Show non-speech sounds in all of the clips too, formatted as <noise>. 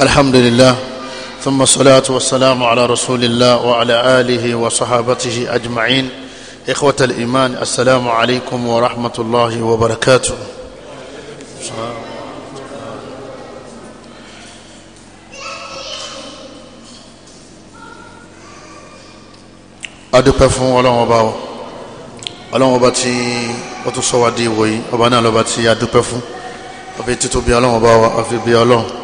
الحمد لله ثم الصلاة والسلام على رسول الله وعلى آله وصحابته أجمعين إخوة الإيمان السلام عليكم ورحمة الله وبركاته adúpẹ́ fún ọlọ́run ọba ọ ọlọ́run ọba tí ó tún sọ wá di ìwòyí ọba náà lọ́ba tí adúpẹ́ fún ọbẹ̀ títóbi ọlọ́run ọba wa àfi bí ọlọ́run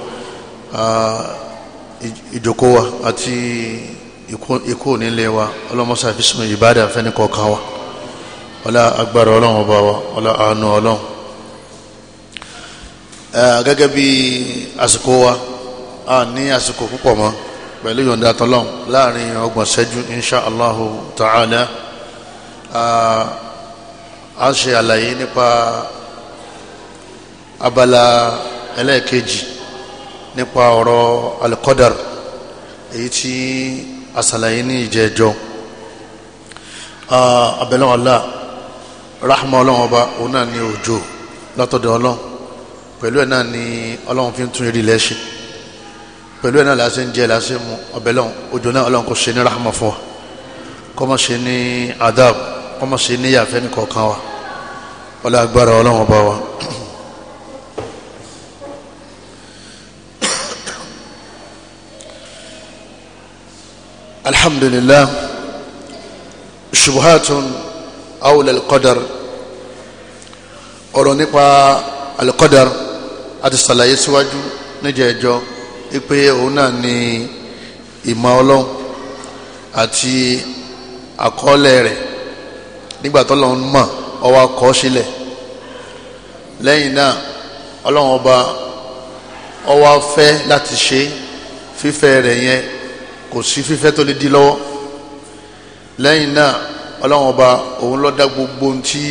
ìjòkó wa àti ikú onílé wa ọlọ́mọsá fi sún ìbádà fẹ́ni kọ̀ọ̀kan wa ọlá agbára ọlọ́run ọba wa ọlá àánú ọlọ́run gẹ́gẹ́ bí àsìkò wa a ní àsìkò púpọ̀ mọ́ pẹ̀lú yọ̀ǹda tọ́lọ́run láàrin ọgbọ̀n ṣẹ́jú insha Allahu ta'ala a ṣe àlàyé nípa abala ẹlẹ́ẹ̀kejì nípa ọ̀rọ̀ alikọ́dàr èyí tí asàlàyé ní ìjẹ́jọ́ abẹ́lẹ́wọ̀n Allah rahma ọlọ́run ọba òun náà ní òjò látọ̀dọ̀ ọlọ́run pẹ̀lú ẹ̀ náà ni ọlọ́run fi ń tún eré lẹ́ṣin pẹ̀lú ẹ̀ náà láti ń jẹ́ láti mú ọbẹ̀ òjò náà ọlọ́run kò ṣe ní rahma fún wa kó má ṣe ní adab kó má ṣe ní yàfẹ́ ní kọ̀ọ̀kan wa ọlọ́run agbára ọlọ́run ọba wa. الحمد لله شبهات أولى القدر ọ̀rọ̀ nípa alikọ́dar àti sàlàyé síwájú níjẹ̀ ẹjọ́ wípé òun náà ni ìmọ̀ ọlọ́run àti àkọọ́lẹ̀ rẹ̀ nígbà tó lọ́n mọ̀ ọwọ́ akọ́ sílẹ̀ lẹ́yìn náà ọlọ́run ọba ọwọ́ afẹ́ láti ṣe fífẹ́ rẹ̀ yẹn kò sí fífẹ́ tó lè di lọ́wọ́ lẹ́yìn náà ọlọ́run ọba òun ló dá gbogbo tí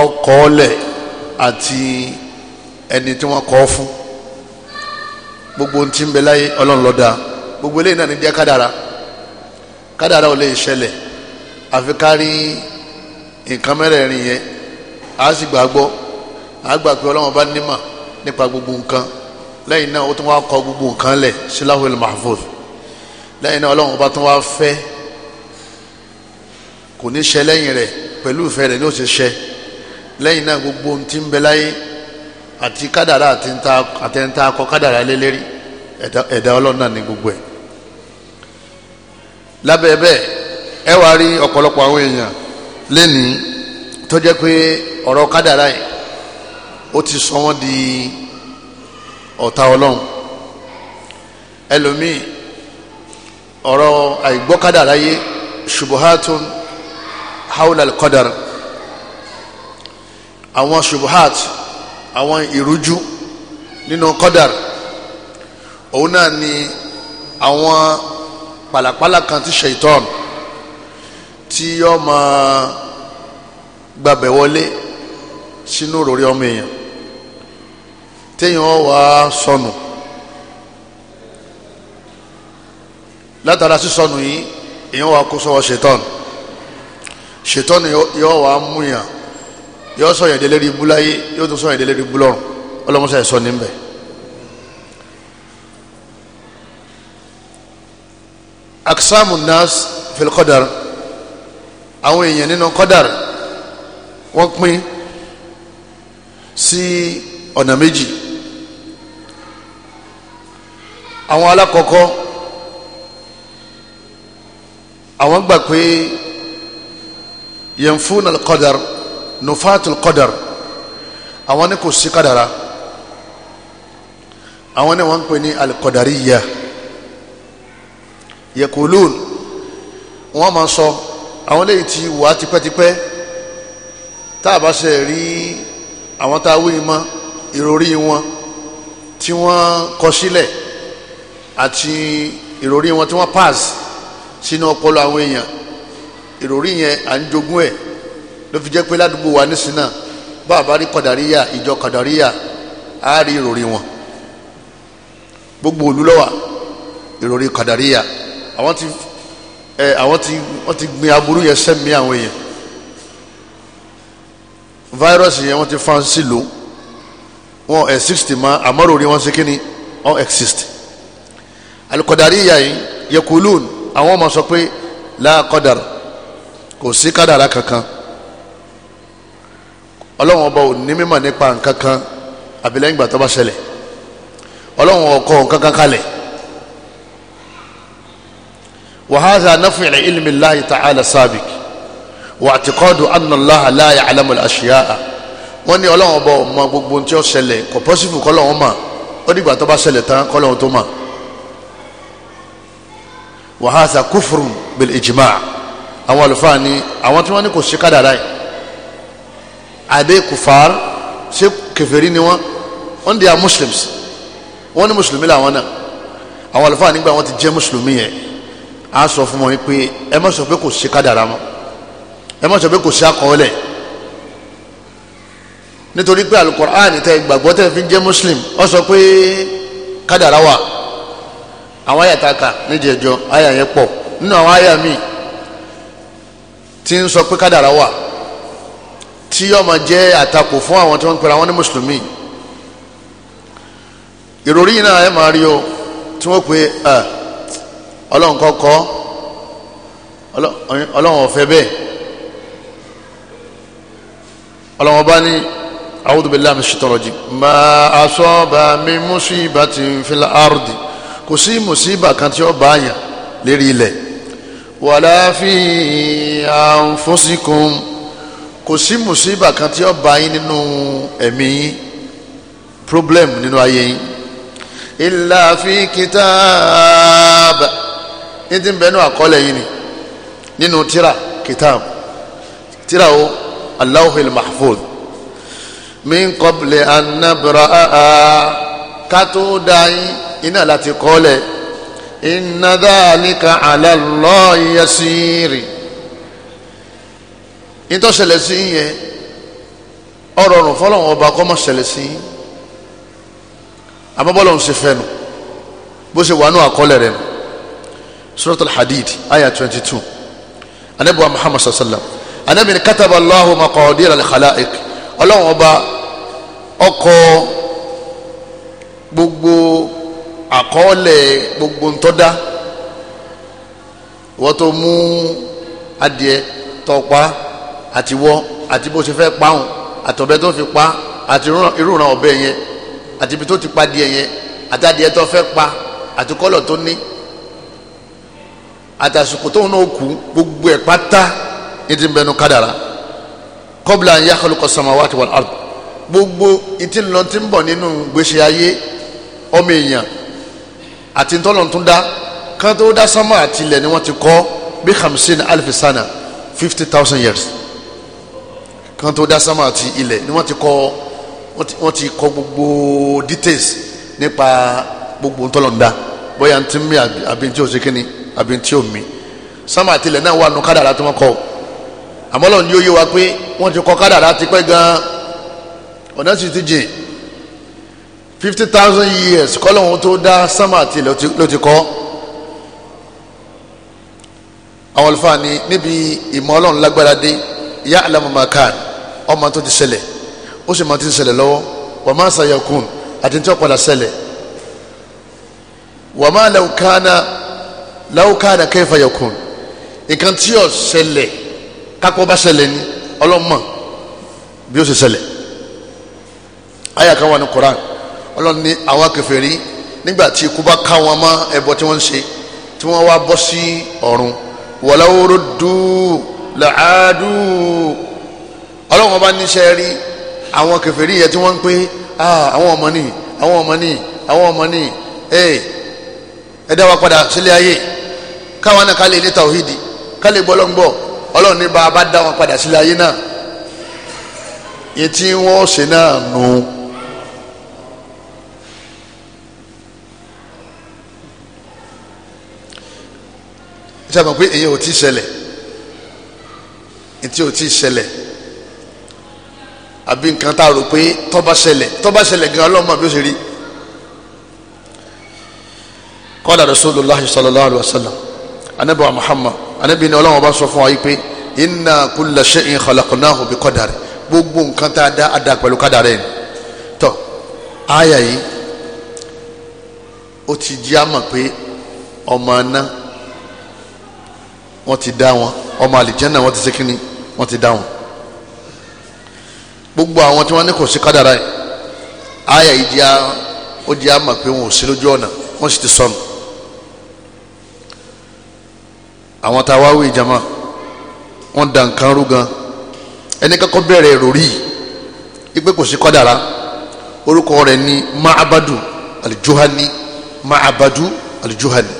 ọkọ̀ ọlẹ̀ àti ẹni tí wọ́n kọ́ fún gbogbo tí ń bẹ láyé ọlọ́run ló dá gbogbo eléyìí náà ní jẹ́ kádàrá kádàrá ò lè ṣẹlẹ̀ àfi ká nǹkan mẹ́rẹ̀ẹ̀rin yẹn a sì gbàgbọ́ a gbà pé ọlọ́run bá nímọ̀ nípa gbogbo nǹkan lẹ́yìn náà ó tún wá kọ gbogbo nǹkan lẹ̀ síláhùl mahfuz lẹ́yìn náà ọlọ́run ọba tún wá fẹ́ kò ní ṣe lẹ́yìn rẹ̀ pẹ̀lú ìfẹ́ rẹ̀ ni ó ṣe ṣe lẹ́yìn náà gbogbo ohun tí ń bẹ láyé àti kádàrá àtẹ̀ntà akọ kádàrá lélẹ́rí ẹ̀dá ọlọ́run náà ní gbogbo ẹ̀ lábẹ́ bẹ́ẹ̀ ẹ wá rí ọ̀pọ̀lọpọ̀ àwọn èèyàn lénìí tó jẹ́ pé ọ̀rọ̀ kádàrá yìí ó ti sọ wọ́n di ọ̀tá ọlọ́run ẹlòmíì ọ̀rọ̀ àìgbọ́kádà ráyé ṣubuhatun haula al-qadar àwọn ṣubuhat àwọn ìrújú nínú kọ́dàr òun náà ni àwọn pàlàpàlà kan ti ṣèitọ́n tí yọ́ máa gbàbẹ̀ sínú ròrí ọmọ èèyàn téèyàn wà sọnù látara sísọnù yìí èèyàn wà kó sọ́wọ́ ṣètọ́nù ṣètọ́nù yóò wà múyàn yóò sọ yẹn délérí búláyé yóò tún sọ yẹn délérí búlọ́run ọlọ́mọṣẹ́ ẹ̀ sọ níbẹ̀. aksamu nas fil qadar àwọn èèyàn nínú qadar wọ́n pín sí ọ̀nà méjì. àwọn alákọ̀ọ́kọ́ àwọn gbà pé yanfun alqadar nufatul qadar àwọn ní kò sí kádàrá àwọn ní wọ́n ń pè ní alqadariya yakulun wọ́n máa sọ àwọn lẹ́yìn tí wà á tipẹ́tipẹ́ tá a bá ṣe rí àwọn tá a wí mọ́ ìròrí wọn tí wọ́n kọ sílẹ̀. Si àti ìròrí wọn tí wọ́n pass sínú ọpọlọ àwọn èèyàn ìròrí yẹn à ń jogún ẹ̀ ló fi jẹ́ pé ládùúgbò wa nísìn náà bá a bá rí kọ̀dàríyà ìjọ kọ̀dàríyà á rí ìròrí wọn gbogbo òlu ló wà ìròrí kọ̀dàríyà àwọn ti ẹ àwọn ti wọ́n ti gbin aburú yẹn sẹ́mi àwọn èèyàn fáírọ́ọ̀sì yẹn wọ́n ti fa ń sílò ẹ̀ sixty ma àmọ́ ìròrí wọn ṣe kí ni wọn exist alikọdariya yìí yekulun àwọn ọmọ sọ pé laakọdar kò sí kádàrá kankan ọlọ́run ọba ò ní mímọ̀ nípa nǹkan kan àbílẹ́yìn ìgbà tó bá ṣẹlẹ̀ ọlọ́run ọkọ nǹkan kan kalẹ̀ wàhálà nafu ilẹ̀ ilmi lahi ta'ala sabik wà àtikọ́dù anàláha la ya'lamu al wọ́n ní ọlọ́run ọba ò gbogbo tí ó ṣẹlẹ̀ kò pọ́sífù kọ́lọ́run mà ó dìgbà tó bá ṣẹlẹ̀ tán kọ́lọ́run tó mà wàhásà kúfùrùn bil ijma' àwọn àlùfáà ni àwọn tí wọ́n ní kò ṣe kádàrá yìí àbẹ́ kùfàr ṣé kèfèrí ni wọ́n wọ́n di à muslims wọ́n ní mùsùlùmí làwọn náà àwọn àlùfáà nígbà wọ́n ti jẹ́ mùsùlùmí yẹn á sọ fún wọn pé ẹ má sọ pé kò ṣe kádàrá mọ́ ẹ má sọ pé kò ṣe àkọọ́lẹ̀ nítorí pé alukur'an tẹ gbàgbọ́ tẹ fi jẹ́ muslim ó sọ pé kádàrá wà àwọn àyà taka níjẹjọ àyà yẹn pọ̀ nínú àwọn àyà míì tí ń sọ pé kádàrá wà tí ọmọ jẹ́ àtakò fún àwọn tí wọ́n ń pera wọn ní mùsùlùmí ìròrí yìí náà ẹ máa rí o tí wọ́n pe ẹ ọlọ́run kọ́kọ́ ọlọ́run ọ̀fẹ́ bẹ́ẹ̀ ọlọ́run ọba ní a'udhu billahi minash shaitanir rajim ma asaba min musibatin fil ardi kò sí mùsíbà kan tí ó bá yàn lérí ilẹ̀ wala fi anfusikum kò sí mùsíbà kan tí ó bá yín nínú ẹ̀mí yín problem nínú ayé yín illa fi kitab ní ti ń bẹ́ẹ̀ nù àkọọ́lẹ̀ yín ni nínú tíra kitab tíra o Allahul mahfuz min qabli an ká tó dá yín iná láti kọ́lẹ̀ inna dhalika ala Allahi yasiri ìtọ́sẹ̀lẹ̀ sí yẹn ọ̀rọ̀ ọ̀rùn fọlọ́wọn ọba kọ́ mọ́ ṣẹlẹ̀ sí abọ́bọ́lọ́ ń ṣe fẹ́nu bó ṣe wà nù àkọọ́lẹ̀ rẹ̀ nù surat al-hadid aya twenty two anabi wa muhammad sallam anabi ni kataba allahu maqadir al ọlọ́wọ́n ọba ọkọ̀ gbogbo àkọọ́lẹ̀ gbogbo ntọ́dá wọ́n tó mú adìẹ tọpa àti wọ́ àti bó ṣe fẹ́ pahùn àtọ̀bẹ tó fi pa àti irúran ọ̀bẹ yẹn àti ibi tó ti pa adìẹ yẹn àti adìẹ tó fẹ́ pa àti kọ́lọ̀ tó ní àtàsùkò tóun náà kú gbogbo ẹ̀ pátá ní ń bẹnu kádàrá kọ́bìlà ń yá kọlùkọ samawati wal ard gbogbo ìtìlọ́tì ń bọ̀ nínú gbèsè ayé ọmọ èèyàn àti ntọ́lọ̀ tún dá kan tó dá sánmà àti ilẹ̀ ni wọ́n ti kọ́ bí hamsin alifisana fifty thousand years kan tó dá sánmà àti ilẹ̀ ni wọ́n ti kọ́ wọ́n ti kọ́ gbogbo details nípa gbogbo ntọ́lọ̀ ń dá bóyá ntí mi àbí ntí òsè kínní àbí ntí omi sánmà àti ilẹ̀ náà wà nù kádàrá tí wọ́n kọ́ àmọ́ lọ́n ní yé wa pé wọ́n ti kọ́ kádàrá tipẹ́ gan-an ọ̀nà sì ti jìn fifty thousand years kọ́lọ́hún tó dá samati tí ló ti kọ́ àwọn olùfà ni níbi ìmọ̀ ọlọ́run lágbára dé ìyá alamamakan ọmọ tó ti ṣẹlẹ̀ ó sì máa ti ṣẹlẹ̀ lọ́wọ́ wà má sayakun àti tí ó padà ṣẹlẹ̀ wà má lawkana lawkana kayfa yakun nǹkan tí ó ṣẹlẹ̀ kápọ̀ bá ṣẹlẹ̀ ni ọlọ́mọ bí ó ṣe ṣẹlẹ̀ àyà kan wà Koran ọlọ́run ní àwa kèfèrí nígbà tí ikú bá ká wọn mọ́ ẹbọ tí wọ́n ń ṣe tí wọ́n wá bọ́ sí ọ̀run walaw ruddu la'adu ọlọ́run ọba níṣẹ́ rí àwọn kèfèrí yẹn tí wọ́n ń pè àwọn ọmọ nìyí àwọn ọmọ nìyí àwọn ọmọ nìyí ẹ dá wa padà sílé ayé káwọn náà ká lè ní tàwídìí ká lè gbọ́ lọ́ngbọ́ ọlọ́run ní bá a bá dá wọn padà sílé ayé náà yẹn tí wọ́n ṣe náà nù. No sábà pé èyí ò tí ṣẹlẹ̀ ètí ò tí ṣẹlẹ̀ àbí nǹkan tá a rò pé tó bá ṣẹlẹ̀ tó bá ṣẹlẹ̀ gan ọlọ́mọ bí ó ṣe rí qala rasulullah sallallahu alaihi wa sallam anabi wa muhammad anabi ni ọlọ́wọ́n bá sọ fún wa yìí pé inna kulla shay'in khalaqnahu bi qadar gbogbo nǹkan tá a dá a dá pẹ̀lú kádàrẹ́ ni tọ́ àyà yìí ó ti jẹ́ àmọ̀ pé ọmọ náà wọ́n ti dá wọn ọmọ àlìjẹ́nà wọ́n ti ṣe kínní wọ́n ti dá wọn. gbogbo àwọn tí wọ́n ní kò sí kádàrá yìí àyà yìí jẹ́ ó jẹ́ àmà pé wọn ò sí lójú ọ̀nà wọ́n sì ti sọnù. àwọn tá a wá wí ìjàmà wọ́n da nǹkan rú gan ẹni kọ́kọ́ bẹ̀rẹ̀ ròrí ipe kò sí kádàrá orúkọ rẹ̀ ní mahabadu alijuhani mahabadu alijuhani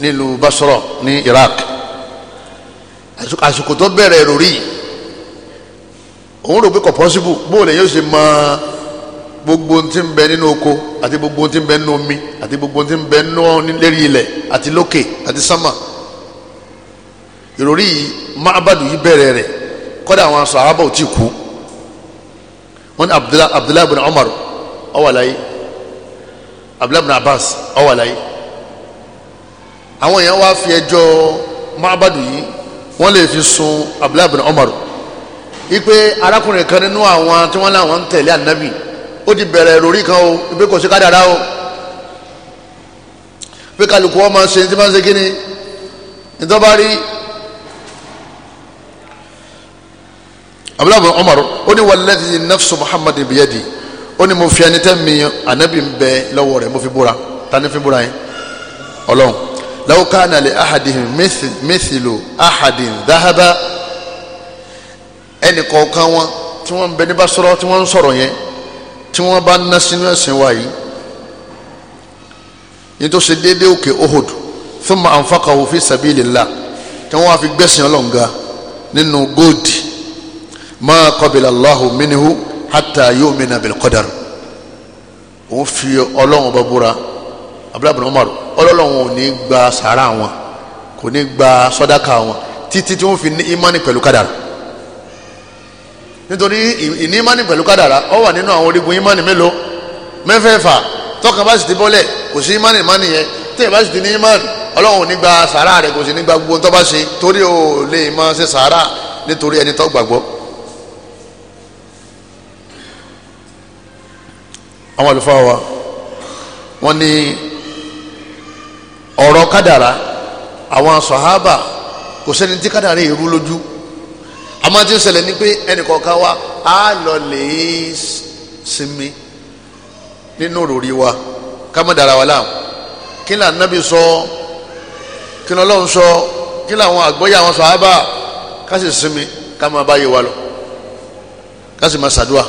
nílùú Basra ní Iraq àsìkò tó bẹ̀rẹ̀ rori òun rò pé kò pọ́sibú bóòlù yóò ṣe mọ gbogbo tí ń bẹ nínú oko àti gbogbo tí ń bẹ nínú omi àti gbogbo tí ń bẹ nínú lérí ilẹ̀ àti lókè àti sámà ìròrí yìí mábàdù yìí bẹ̀rẹ̀ rẹ̀ kọ́dà àwọn sàhábà ò tí kú wọ́n ní Abdullahi Abdullahi bin Umar ó wà Abdullahi bin Abbas ó wà àwọn èèyàn wá fi ẹjọ́ mábàdù yìí wọ́n lè fi sun abdullahi bin umar ipe arákùnrin kan nínú àwọn tí wọ́n láwọn ń tẹ̀lé ànábì ó ti bẹ̀rẹ̀ lórí kan o ipe kò sí kádàrá o pé kálukú wọn máa ṣe tí máa ń ṣe kíni ìtọ́ba rí abdullahi bin umar ó ní walladhi nafsu muhammadin biyadi ó ní mo fi ẹni tẹ́ mi ànábì ń bẹ lọ́wọ́ rẹ̀ mo fi búra ta fi búra yẹn ọlọ́run law kana li ahadihim mithlu ahadin dhahaba ẹnì kọ̀ọ̀kan wọn tí wọ́n ń bẹ ní bá sọ̀rọ̀ tí wọ́n ń sọ̀rọ̀ yẹn tí wọ́n bá ná sínú ẹ̀sìn wa yìí yìí tó ṣe déédéé òkè Uhud thumma anfaqahu fi sabilillah tí wọ́n á fi gbẹ̀sìn ọlọ́ǹga nínú góòdì ma qabila Allahu minhu hatta yu'mina bil qadar òun fi ọlọ́run bá búra abdulayi bin Umar ọlọ́run ò ní gba sàárà wọn kò ní gba sọ́dáka wọn títí tí wọ́n fi ní ìmánì pẹ̀lú kádàrà nítorí ìní ìmánì pẹ̀lú kádàrà ó wà nínú àwọn orígun imani mélòó mẹ́fẹ̀ẹ̀fà tọ́ka bá sì ti bọ́lẹ̀ kò sí ìmánì ìmánì yẹn tẹ́ẹ̀ bá sì ti ní ìmánì ọlọ́run ò ní gba sàárà rẹ̀ kò sì ní gba gbogbo tó bá ṣe torí ò lè máa ṣe sàárà nítorí ẹni tó gbàgbọ́ àwọn àlùfáà wa wọ́n ní ọ̀rọ̀ kádàrá àwọn sọ̀hábà kò sẹ́ni tí kádàrá yìí rú lójú àmọ́ tí ń ṣẹlẹ̀ ni pé ẹnìkọ̀ọ̀kan wa á lọ lè sinmi nínú òròrí wa ká má dára wa láàmú kí ni ànábì sọ kí ni ọlọ́run sọ kí ni àwọn àgbọ́yé àwọn sọ̀hábà ká sì sinmi ká máa bá yé wa lọ ká sì máa ṣàdúrà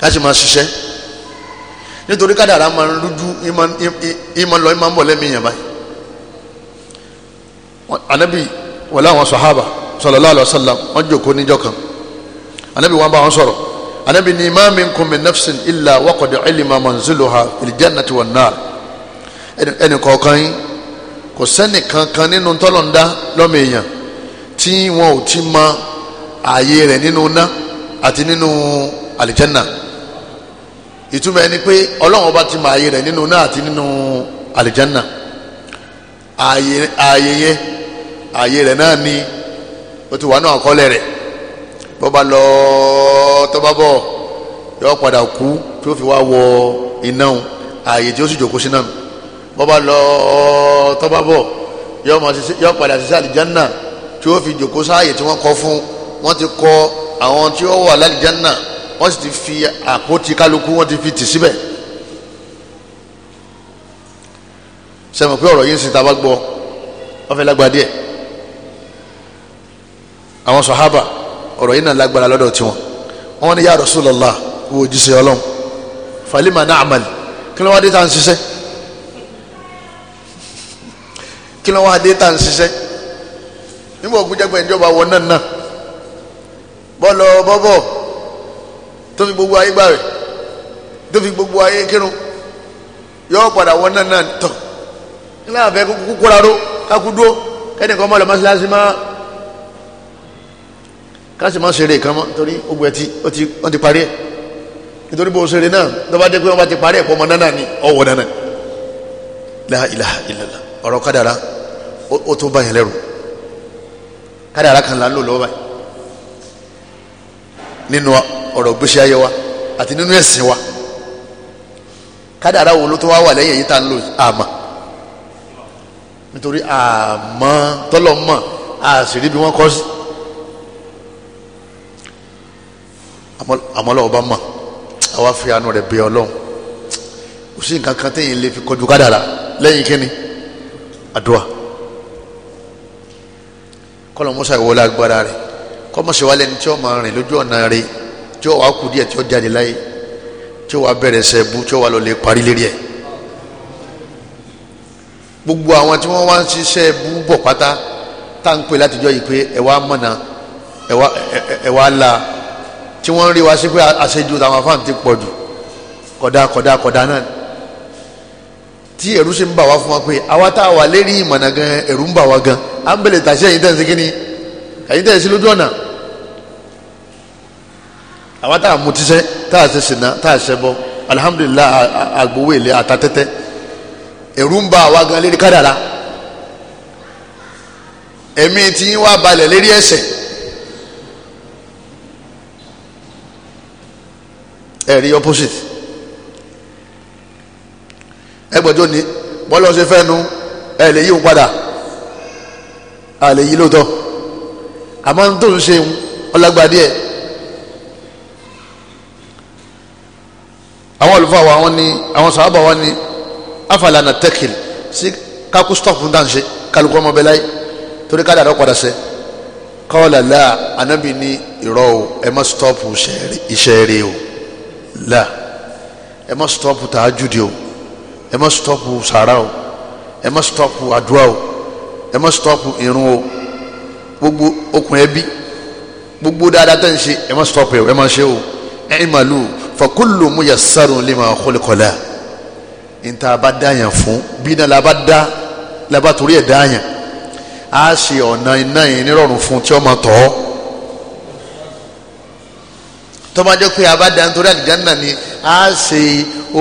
ká sì máa ṣiṣẹ́ nítorí kádàrá máa ń lójú ìmọ̀ lọ ìmọ̀ ń bọ̀ lẹ́mìí yẹn báyìí anabi wàlá àwọn sahaba sallallahu alaihi wasallam wọn jòkó níjọ́ kan anabi wọn bá wọn sọ̀rọ̀ anabi ni ma minkum min nafsin illa waqad ilima manziluha fil jannati wan nar ẹnì kọ̀ọ̀kan yín kò sẹ́nì kankan nínú tọ́lọ̀ndá lọ́mọ èèyàn tí wọn ò ti mọ ààyè rẹ̀ nínú ná àti nínú àlìjẹ́nà ìtumọ̀ ẹni pé ọlọ́run ọba ti mọ ààyè rẹ̀ nínú náà àti nínú àlìjánà ààyè yẹn ààyè rẹ̀ náà ni ó ti wà náà kọ́lẹ̀ rẹ̀ bó ba lọ tó bá bọ̀ yọ padà kú tí ó fi wá wọ iná o ààyè tí ó sì jòkó sí náà bó ba lọ tó yọ padà sí àlìjánà tí ó fi jòkó sáàyè tí wọ́n kọ́ fún wọ́n ti kọ́ àwọn tí ó wà lálìjánà wọ́n sì ti fi àpótí kálukú wọ́n ti fi tì síbẹ̀ sẹ́mi pé ọ̀rọ̀ yìí ń sin taba gbọ́ wọ́n fẹ́ lágbára díẹ̀ àwọn sọ̀hábà ọ̀rọ̀ yìí náà lágbára lọ́dọ̀ tiwọn wọ́n ní ya Rasulullah wo òjíṣẹ́ ọlọ́run falima na'mal kí ló wá dé tá à ń ṣiṣẹ́ kí ló wá dé tá à ń ṣiṣẹ́ nígbà òkú jẹ́pẹ̀ ìjọba wọ náà náà bọ́ọ̀lù bọ́bọ̀ tó fi gbogbo ayé gbààwẹ̀ tó fi gbogbo ayé kírun yọ padà wọn náà náà tán nígbà fẹ kúkú kóra ró kákú dúró kẹ́nìkan má lọ mọ́ṣáláṣí má káṣí má ṣeré kan mọ́ torí ogun ẹ̀ tí wọ́n ti parí ẹ̀ nítorí bó ṣeré náà tó bá dé pé wọ́n bá ti parí ẹ̀ pọ́ ọmọ náà ní ọwọ́ náà la ilaha illallah ọ̀rọ̀ kádàrá ó tún bá yẹn lẹ́rù kádàrá kan là ń lò lọ́wọ́ báyìí nínú ọ̀rọ̀ gbèsè ayé wa àti nínú ẹ̀sìn wa kádàrá wo ló tó wá wà lẹ́yìn èyí tá à ń lò àmọ́ nítorí àmọ́ tọ́lọ̀ mọ̀ àṣírí bí wọ́n kọ́ sí àmọ́ lọ́wọ́ bá mọ̀ àwa fi àánú rẹ̀ bẹ ọlọ́run kò sí nǹkan kan téèyàn lè fi kọjú kádàrá lẹ́yìn kíni àdúrà kọ́lọ̀ mọ́sá ìwọlé agbára rẹ̀ kọ́mọ̀sí wa lẹ́ni tí ó máa rìn lójú ọ̀nà rẹ̀ tí ó wàá kú díẹ̀ tí ó jáde láyé tí ó wàá bẹ̀rẹ̀ sẹ́ẹ̀bù tí ó wàá lọ lè parí lérí ẹ̀ gbogbo àwọn tí wọ́n wá ń ṣiṣẹ́ bú bọ̀ pátá tá ń pè látijọ́ yìí pé ẹ wá mọ̀nà ẹ wá la tí wọ́n ń rí wa sí pé àṣejù táwọn afáàn ti pọ̀ jù kódà kódà kódà náà tí ẹ̀rù sì ń bà wá fún wa pé àwa tá a wà lérí ìmọ̀nà gan ẹ̀rù ń bà wá gan à ń bẹ̀lẹ̀ tàṣẹ́ yìí tẹ̀ ń segin ni lójú ọ̀nà. àwa tá a mutí sẹ́ tá a ṣe ṣìnà tá a ṣe bọ́ alihamudulilayi agbowó èlé àtàtẹ́tẹ́ ẹ̀rù ń ba àwa gan lérí kádàrá ẹ̀mí tí yín wá balẹ̀ lérí opposite ẹgbẹ̀jọ́ ni bọ́lá ṣe fẹ́ nu ẹ lè yí òun padà lè yí lóòótọ́ àwọn olùfọ àwọn àwọn ni àwọn sàábà wọn ni afalana tẹkìl sí kakú stọọpù dáńṣe kálukú ọmọ bẹlẹ ayé torí ká dàrọ padà sẹ kọ́ọ̀lá láà anábì ní irọ́ o ẹ má stọọpù iṣẹ́ rẹ o láà ẹ má stọọpù tààjùdì o ẹ má stọọpù sàrà o ẹ má stọọpù àdúrà o ẹ má stọọpù irun o gbogbo okùn ẹbí gbogbo dáadáa tẹ̀ ń ṣe ẹ má stọọpù ẹ má ṣe o ẹ má lù o fakulu muyassarun lima khuliqala nta bá dáyàn fún bí náà la bá dá la bá torí ẹ̀ dáyàn á ṣe ọ̀nà iná yìí nírọ̀rùn fún tí ó máa tọ̀ ọ́ tọ́bajọ́ pé abáda nítorí ni á ṣe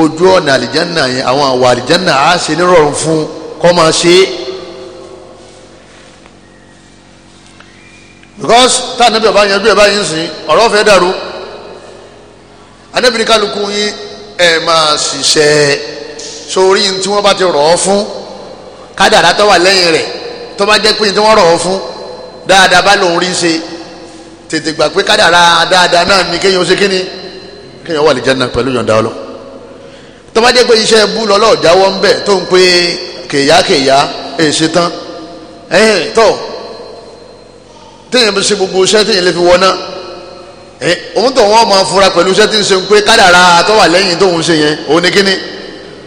ojú ọ̀nà àlìjánà yẹn àwọn àwọ̀ àlìjánà á ṣe nírọ̀rùn fún kọ́ máa ṣe because táà níbi ọba yẹn bí ọba yẹn ń sìn ọ̀rọ̀ fẹ́ dàrú anábìrin kálukú yín ẹ máa ṣiṣẹ́ sórí tí wọ́n bá ti rọ̀ ọ́ fún kádàrá tó wà lẹ́yìn rẹ̀ tó bá jẹ́ pé tí wọ́n rọ̀ ọ́ fún dáadáa bá lòun rí ṣe tètè gbà pé kádàrá dáadáa náà ni kéèyàn ṣe kíni kéèyàn wà lè jẹ́nà pẹ̀lú yọ̀ǹda ọlọ́ tó bá jẹ́ pé iṣẹ́ bú lọ́lọ́ jáwọ́ ń bẹ̀ tó ń pé kèyà kèyà èè tán ẹ̀hìn tó téèyàn fi ṣe gbogbo iṣẹ́ téèyàn lè fi wọ náà Eh, òun tó wọn máa fura pẹ̀lú iṣẹ́ tí ń ṣe ń pé kádàrá tó wà lẹ́yìn tó ń ṣe yẹn òun ni kíní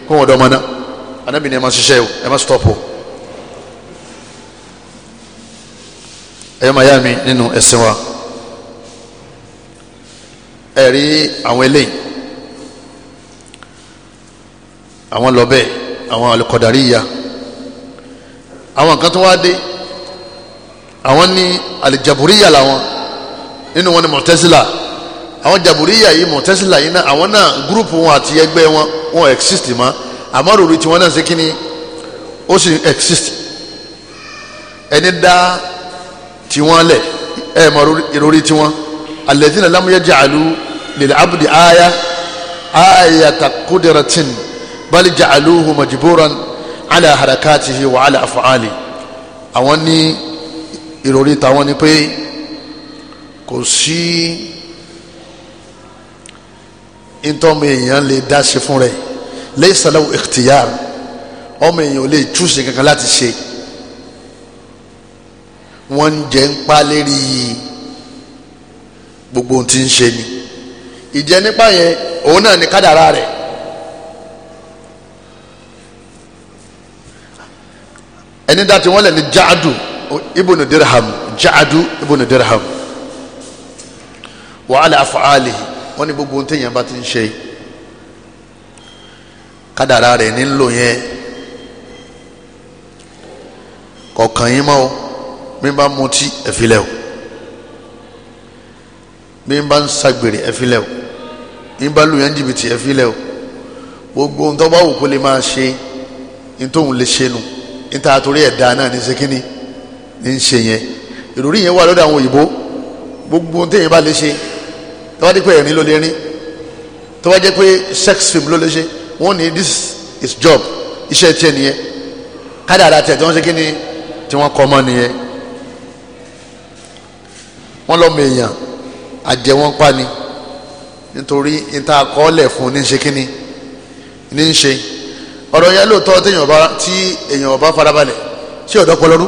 kó wọn dọ́mọ náà anábìíní ẹ máa ṣiṣẹ́ o ẹ máa stop o. ẹ̀yọ́ máa yá mi nínú ẹ̀sìn wa ẹ rí àwọn eléyìí àwọn lọ bẹ́ẹ̀ àwọn alukọ̀dàríyà àwọn kan tó wá dé àwọn ní alìjàbùríyà làwọn nínú wọn ni mọ̀tẹ́sílà àwọn jàbùríyà yìí mọ̀tẹ́sílà yìí náà àwọn náà gúrùpù wọn àti ẹgbẹ́ wọn wọn exist mọ́ àmọ́ ròrí tiwọn náà ṣe kí ni ó sì exist ẹni dá tiwọn lẹ̀ ẹ mọ̀ ròrí tiwọn alladhina lam yaj'alu lil abdi aya ayata qudratin bal ja'aluhu majburan ala harakatihi wa ala af'ali àwọn ní ìròrí tàwọn ni pé kò sí ntọ́mọ èèyàn lè dá ṣe fún rẹ̀ laysa lahu ikhtiyar ọmọ èèyàn ò lè túṣe kankan láti ṣe wọ́n ń jẹ́ ń pa lérí gbogbo ohun tí ń ṣe ni ìjẹ́ nípa yẹn òun náà ni kádàrá rẹ̀ ẹni dá tí wọ́n lẹ̀ ní jaadu ibùnú dirham jaadu ibùnú dirham wàhálà afaali wọn ni gbogbo ntẹ̀yìn bá ti ń ṣe kádàrá rẹ̀ ní yẹn kọ̀ọ̀kan yín mọ́ o mi bá mutí ẹ̀fílẹ̀ o mi bá ń ṣàgbèrè ẹ̀fílẹ̀ o mi bá lu yẹn jìbìtì ẹ̀fílẹ̀ o gbogbo ntọ́ bá wù kó lè máa ṣe ntòhun lè ṣe nu níta torí ẹ̀dá náà ní sekínì ní ń ṣe yẹn ìròrí yẹn wà lọ́dọ̀ àwọn òyìnbó gbogbo ntẹ̀yìn bá lè ṣe tó bá dé pé ẹ̀rín ló lè rín tó jẹ́ pé sex film ló lè ṣe wọ́n ní this is job iṣẹ́ tiẹ̀ nìyẹn kádàrà tẹ̀ tí wọ́n ṣe kí ni tí wọ́n kọ́ mọ́ nìyẹn wọ́n lọ́mọ èèyàn àjẹ́ wọn pa ni nítorí níta àkọọ́lẹ̀ fún ní ṣe kí ni ní ń ṣe ọ̀rọ̀ yẹn lóòótọ́ tí èèyàn ọba farabalẹ̀ ṣé ọ̀dọ́ pọlọ́rú.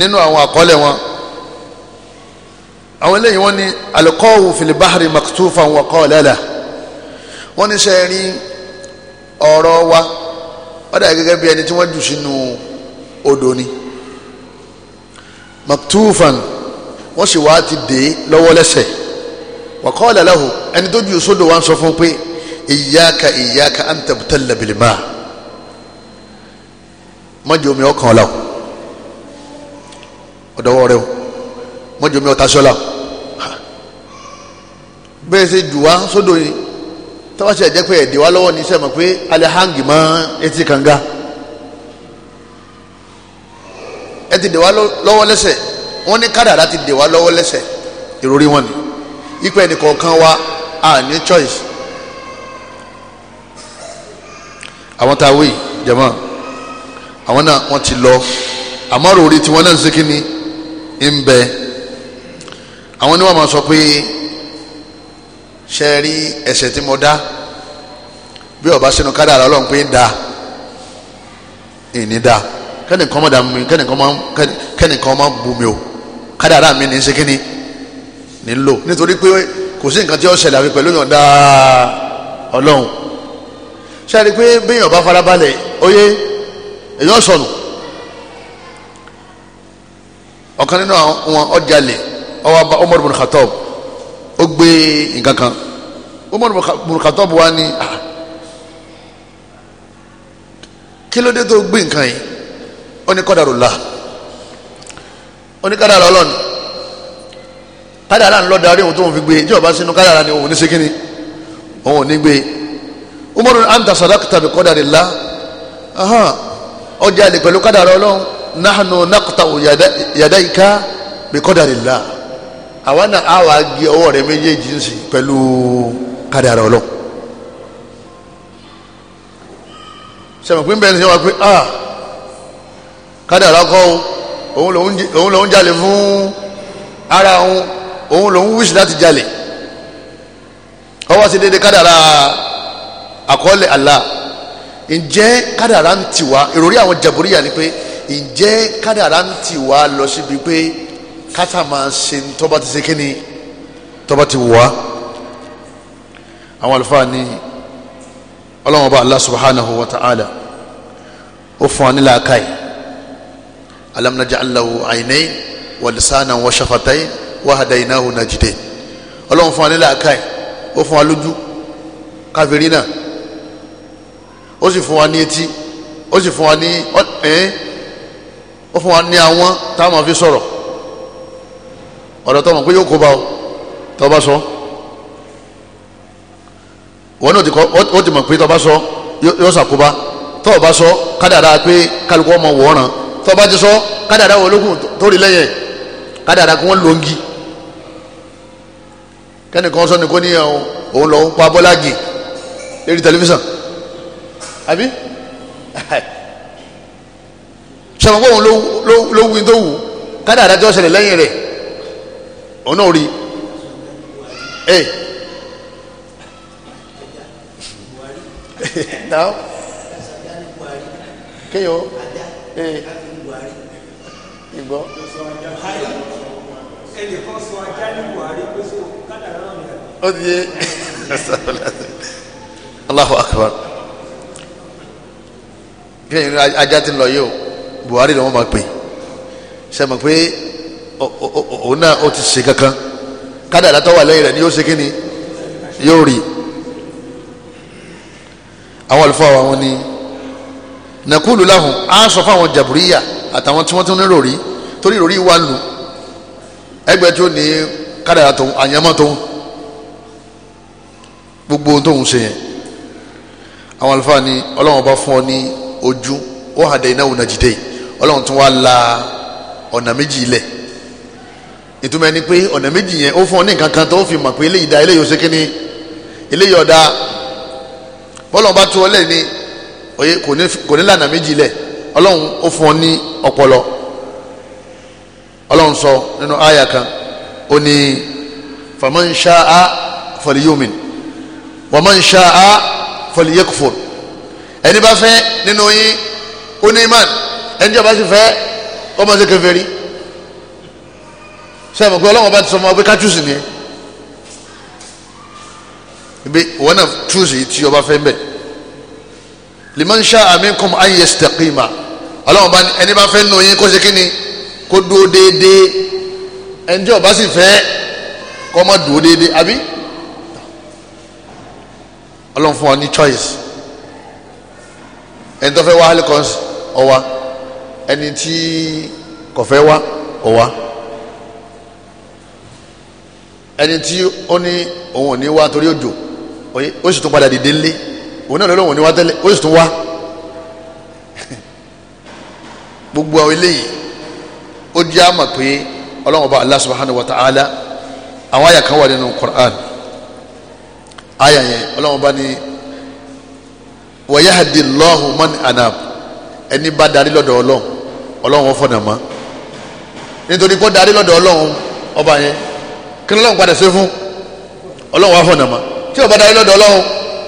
nínú àwọn àkọọ́lẹ̀ wọn àwọn eléyìí wọ́n ní alikọ́wù filibahari maktufa wà kọ́ lẹ́la wọ́n ní sẹ́ rí ọ̀rọ̀ wa wọ́n dà gẹ́gẹ́ bí ẹni tí wọ́n jù sínú odò ni maktufan wọ́n sì wá ti dè é lọ́wọ́ lẹ́sẹ̀ wà kọ́ lẹ́la hù ẹni tó jù sódò wa ń sọ fún pé ìyáka ìyáka à ń tẹ̀bùtẹ̀ lẹ́bìlìmá mọ́jọ́ mi ọkàn ọ̀la ọ̀dọ́wọ́ rẹ o mọ́jọ́mi ọ̀tá sọ́la bẹ́ẹ̀ ṣe jù wá sódò yìí tọ́wọ́sẹ̀ ẹ̀jẹ̀ pé ẹ̀dẹ̀ wá lọ́wọ́ ní sẹ́ mọ̀ pé alẹ́ hangi mọ́ etí kànga ẹ ti dẹ̀ wá lọ́wọ́ lẹ́sẹ̀ wọ́n ní kádàrá ti dẹ̀ wá lọ́wọ́ lẹ́sẹ̀ ìròrí wọn ni ipò ẹnìkọ̀ọ̀kan wa a ní choice àwọn tá a wí jẹ̀mọ́ àwọn náà wọ́n ti lọ àmọ́ rò tiwọn náà ń ṣe ni ń bẹ́ẹ̀ àwọn onímọ̀ máa sọ pé ṣe é rí ẹsẹ̀ tí mo dá bí ọba sínú kádàrá ọlọ́run pé da ìní da kẹ́nìkan máa dà mí kẹ́nìkan máa bù mí o kádàrá mi ní í ṣe kí ni ní lò nítorí pé kò sí nǹkan tí ó ṣẹlẹ̀ àfi pẹ̀lú yàn ọlọ́run ṣe rí pé bí yàn farabalẹ̀ oyé èyàn sọnù ọ̀kan nínú àwọn ọjàlè ọwọ́ bá Umar bin Khattab ó gbé nǹkan kan Umar bin Khattab wá ní ah, kí ló dé tó gbé nǹkan yìí ó ní qadarullah ó ní kádàrá ọlọ́ni kádàrá ńlọ darí òun tó ń fi gbé tí ó sínú kádàrá ni òun ní sékìní òun ò ní gbé Umaru anta sadaqta bi qadarillah ọjà lè pẹ̀lú kádàrá ọlọ́run nahnu naqta'u yadayka bi qadarillah àwa náà á wàá gbé ọwọ́ rẹ méjèèjì sí pẹ̀lú kádàrá ọlọ́ sẹ́mi bẹ́ẹ̀ ni sẹ́wọ́n pé ah kádàrá kọ́ o òun lòún jalè fún ara òun òun lòún wíṣì láti jalè ọwọ́ sí déédéé kádàrá àkọọ́lẹ̀ Allah ǹjẹ́ kádàrá ń tiwa ìròrí àwọn jàbúrìyà ni pé ǹjẹ́ kádàrá ń tiwa lọ síbi pé kásá máa ṣe tọ́ba ti ṣe kíni tọ́ba ti wà àwọn àlùfáà ní ọlọ́wọ́n bá Allah subhanahu wa ta'ala ó fún wa nílà káì alam naj'al lahu aynayn wa lisanan wa shafatayn wa ọlọ́wọ́n fún wa nílà káì ó fún wa lójú káfírí ó sì fún wa ní etí ó sì fún wa ní ẹ́ ó fún wa ní àwọn táwọn fi sọ̀rọ̀ ọ̀rọ̀ tọmọ pé yóò kó bá ọ tọ́ bá sọ wọn náà ó ti mọ̀ pé tọ́ bá sọ yóò ṣàkóbá tọ́ bá sọ kádàrá pé kálukú ọmọ wọ̀ọ́ràn tọ́ bá ti sọ kádàrá ológun tó rí lẹ́yìn kádàrá kí wọ́n lò ń gi kẹ́nìkan sọ ni kò ní òun lọ ń pa bọ́lágì lérí tẹlifíṣàn àbí sọ̀rọ̀ pé òun ló wí tó wù kádàrá tí wọ́n ṣẹlẹ̀ lẹ́yìn rẹ̀ ọ̀nà rí ẹ náà kéèyàn ẹ ìgbọ́. ẹnìkan sọ ajá ní buhari pé so kádàrá náà di yé Allahu akbar kéèyàn ajá ti lọ yìí o buhari ni wọ́n máa pè é ṣe mọ̀ òun náà ó ti ṣe kankan kádàrá tó wà lẹ́yìn rẹ̀ ni yóò ṣe kí ni yóò rí àwọn àlùfáà ni nàkúlù láhùn á sọ fáwọn jàbúríyà àtàwọn tí wọ́n tún ní ròrí torí ròrí wà lù ẹgbẹ́ tó ní tó gbogbo ohun tó ń ṣe yẹn àwọn ni ọlọ́wọ́n bá fún ọ ní ojú ó hàdẹ́ iná òun la ọ̀nà méjì ìtumọ̀ ẹni pé ọ̀nà méjì yẹn ó fún ọ ní nǹkan kan tó fi mọ̀ pé eléyìí da eléyìí ó ṣe kínní eléyìí ọ̀dà bọ́lọ̀ bá tú ọlẹ́ ni oye kò ní lànà méjì lẹ̀ ọlọ́run ó fún ọ ní ọpọlọ ọlọ́run sọ nínú àyà kan ó ní faman sha'a falyumin wa man sha'a falyakfur ẹni bá fẹ́ nínú yín ó ní imán ẹni tí a bá sì fẹ́ ọmọ ṣe kèfèrí sẹ́yìn mọ̀ pé ọlọ́wọ́n bá ti sọ fún wa ká chúùsì ni ibi ìwọ náà chúùsì yìí tí ọba fẹ́ ń bẹ̀ liman sha'a minkum an yastaqima ọlọ́wọ́n bá ẹni bá fẹ́ nù yín kó ṣe kí ni kó dúró déédéé ẹni tí ọba sì fẹ́ kó má dúró déédéé àbí ọlọ́wọ́n fún wa ní choice ẹni tó fẹ́ wá hálíkọ́nsì ọwa ẹni tí kò fẹ́ wá ọwa ẹni tí ó ní òun ò ní wá torí òjò ó sì tún padà dìde ńlé òun náà lọ́wọ́ òun ò ní wá tẹ́lẹ̀ ó sì tún wá <laughs> gbogbo àwọn eléyìí ó jẹ́ àmọ̀ pé ọlọ́run bá Allah subhanahu wa ta'ala àwọn àyà kan wà nínú Qur'an àyà yẹn ọlọ́run bá ní wa yahdi Allahu man anab ẹni bá darí lọ́dọ̀ ọlọ́run ọlọ́run fọ̀nà mọ́ nítorí pé ó darí lọ́dọ̀ ọlọ́run ọba yẹn kí ni ọlọ́run padà ṣe fún ọlọ́run wá fọ̀nà mọ́ tí ọ̀bá darí lọ́dọ̀ ọlọ́run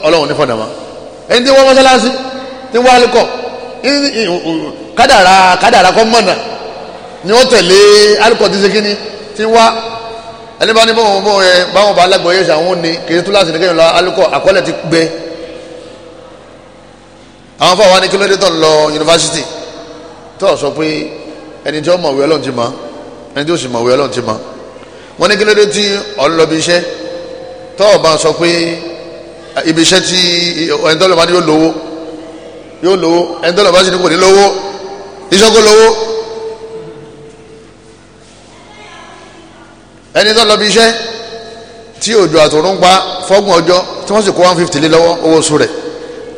ọlọ́run ní fọ̀nà mọ́ ẹni tí wọ́n mọ́ṣáláṣí tí wọ́n alikọ̀ kádàrà kádàrà kọ́ mọ̀nà ni wọ́n tẹ̀lé alikọ̀ tí ṣe kí ni tí wá ẹni bá ní báwọn bọ ẹ báwọn bá alágbọ̀n yẹn ṣàwọn ní kì í túláṣì ní kéèyàn lọ alikọ̀ àkọọ́lẹ̀ ti gbẹ àwọn fáwọn wa ní kílódé tó ń lọ yunifásitì tó sọ pé ẹni tí ó mọ̀wé ọlọ́run ti mọ̀ ẹni tí ó sì mọ̀wé ọlọ́run ti mọ̀ wọ́n ní kílódé tí ọlọ́bi iṣẹ́ tọ́ọ̀ bá sọ pé ibi iṣẹ́ tí ẹ̀ńtọ́lọ́ bá ní yóò lówó yóò lówó ẹ̀ńtọ́lọ́ bá sì ní kò ní lówó ìṣọ́kó lówó ẹni tó lọ́bi iṣẹ́ tí òjò àtòrún pa fọ́gbọ̀n ọjọ́ tí wọ́n sì kó one fifty lé lọ́wọ́ owó oṣù rẹ̀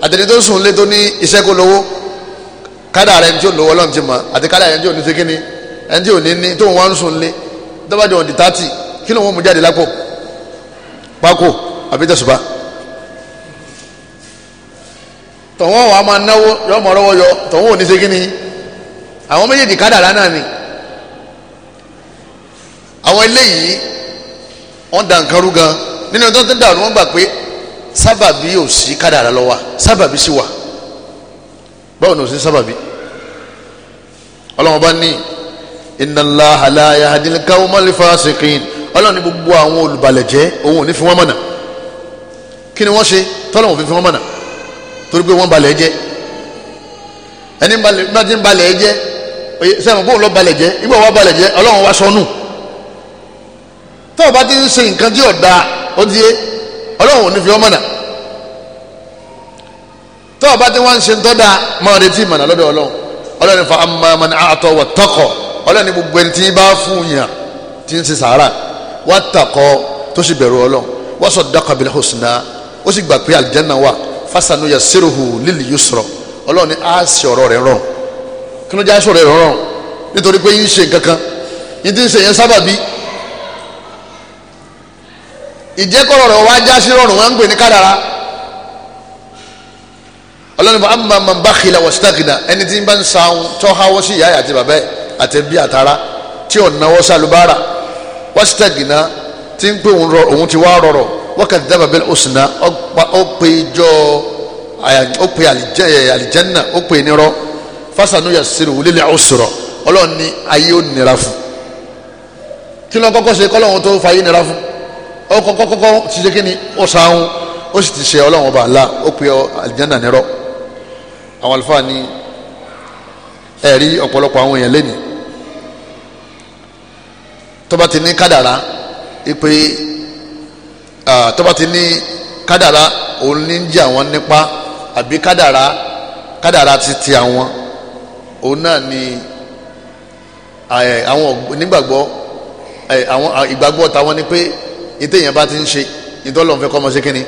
àtẹni tó sùn lé tó ní ìṣẹ́kó lówó kádà rẹ̀ ní tí ò lówó ọlọ́run ti mọ̀ àti kádà rẹ̀ ní tí ò ní ti kíni ẹni tí ò ní ní tó wọ́n ń sùn lé tọ́bàjọ́ ọ̀dì tààtì kí lóun mú jáde lápò pákó àbí tẹ̀sùbá tọ̀wọ́n wàá máa náwó yọ ọmọ yọ tọ̀wọ́n ò ní ṣe kí ni àwọn méjèèjì kádàrá náà ni àwọn eléyìí wọ́n da nǹkan rú gan nínú tó ń tẹ́ dàrú wọ́n gbà pé sábàbí ò sí kádàrá ló wà sábàbí sì wà báwo ni ò sí sábàbí ọlọ́wọ́n bá ní inna Allaha la yahdil qawmal fasiqin ọlọ́run ní gbogbo àwọn olùbalẹ̀ jẹ́ òun ò ní fi wọ́n mọ̀nà kí ni wọ́n ṣe tọ́lọ́wọ́n fi fi wọ́n mọ̀nà torí pé wọ́n balẹ̀ jẹ́ ẹni bájí ń balẹ̀ jẹ́ sẹ́wọ̀n bóun lọ balẹ̀ jẹ́ ìgbà wọ́n balẹ̀ jẹ́ ọlọ́run wá sọnù tọ́wọ́ bá ti ń ṣe nǹkan tí ọ̀dà ó di yé ọlọ́run ò ní fi wọ́n mọ̀nà tọ́wọ́ bá ti wá ń ṣe ń tọ́ da máa retí ìmọ̀nà lọ́dọ̀ ọlọ́run ọlọ́run fa amma ọlọ́run ní gbogbo ẹni tí bá fún yàn tí ń ṣe sàárà wà tàkọ tó sì bẹ̀rù ọlọ́run wà saddaqa bil husna ó sì gbà pé àlìjáná wà fasanu yasiruhu lil yusra ọlọ́run ní á sì ọ̀rọ̀ rẹ̀ rọrùn kí ló jẹ́ aṣọ rẹ̀ rọrùn nítorí pé yín ṣe kankan yín ti ń ṣe yẹn sábàbí ìjẹ́kọ̀rọ̀ rẹ̀ wá já sí rọrùn wọn ń pè ní kádàrá ọlọ́run bá ń bá ń sa ohun tó háwọ́ àti bí àtàrà tí ò náwó sálúbárà wọ́sítẹ̀gìnà tí ń pè òun ti wá rọrọ̀ wọ́kàtí dábàá bẹ́ẹ̀ ó sìnà ó pe ijó ó pe àlìjẹ́nà ó pe nírọ́ fásánù yà sírù lílẹ̀ ó sọ̀rọ̀ ọlọ́run ní ayé ó nira fún kí ló ń kọ́kọ́ ṣe kọ́lọ́run tó fa ayé nira fún ó ti ṣe kí ni ó sàáhùn ó sì ti ṣe ọlọ́run ọba àlá ó pe àlìjẹ́nà nírọ́ àwọn àlùfáà ní ẹ̀rí ọ̀pọ̀lọpọ̀ àwọn èèyàn lénìí tọ́ba ti ní kádàrá ipe tọ́ba ti ní kádàrá òun ní ń jẹ́ àwọn nípa àbí kádàrá kádàrá ti ti àwọn òun náà ni àwọn onígbàgbọ́ àwọn ìgbàgbọ́ táwọn ni pé ìtẹ̀yìn bá ti ń ṣe ìtọ́lọ́ fẹ́ kọ́mọ ṣe kínni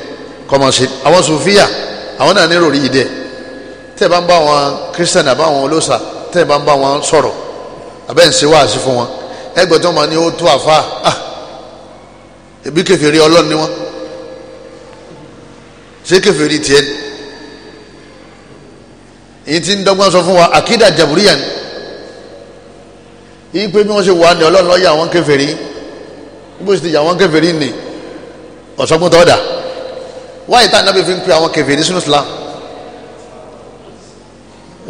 kọ́mọ ṣe àwọn sùfíà àwọn náà ní ròrí yìí dẹ̀ tẹ́ ẹ bá ń bá wọn kírísítẹ̀nì àbáwọn olóòṣà tẹ́ ẹ bá ń bá wọn sọ̀rọ̀ àbẹ́ wáàsí fún wọn ẹgbẹ́ tó máa ní ó tó àfa ah, ẹbí kẹfìrí ọlọ́run ni wọ́n ṣé kẹfìrí tiẹ̀ èyí tí ń dọ́gbọ́n sọ fún wa àkídà jàbúríyà ni yìí pé bí wọ́n ṣe wà ní ọlọ́run lọ́ọ́ yà wọ́n kẹfìrí bó ṣe ti yà wọ́n kẹfìrí ni ọ̀sọ́gbọ́n tó dà wáyé tá ànábì fi ń pe àwọn kẹfìrí sínú Islam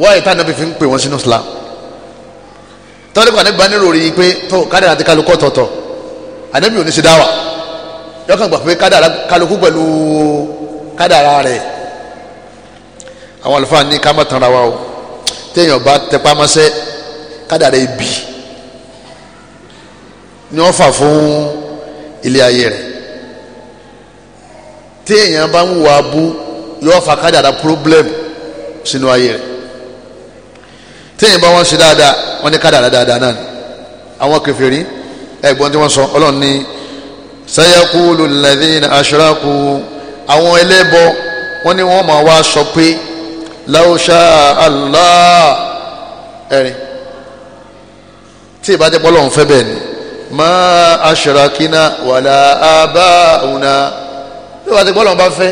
wáyé tá ànábì fi ń pe wọn sínú Islam tọ́lẹ́kọ̀ ànábì bá nírò rí i pé tó kádàrà ti kálukú ọ̀tọ̀ọ̀tọ̀ ànábì ò ní ṣe dáwà yọkàn gbà pé kádàrà kálukú pẹ̀lú kádàrà rẹ̀ àwọn àlùfáà ní ká má tanra wa o téèyàn bá tẹpá mọ́sẹ́ kádàrà ibi ni wọ́n fà fún ilé ayé rẹ̀ téèyàn bá ń wà abú yọ fà kádàrà problem sínú ayé rẹ̀ téèyàn bá wọn ṣe dáadáa wọn ní kádàrá dáadáa náà àwọn kèfèrí ẹ̀gbọ́n tí wọ́n sọ ọlọ́run ní sayakulu alladhina ashraku àwọn ẹlẹ́bọ wọn ni wọ́n máa wá sọ pé law sha'a Allah ẹ̀rìn tí ìbájẹ́ pọ́ lọ́hún fẹ́ bẹ́ẹ̀ ni ma ashrakina wala aba'una tí ìbájẹ́ pọ́ lọ́hún bá fẹ́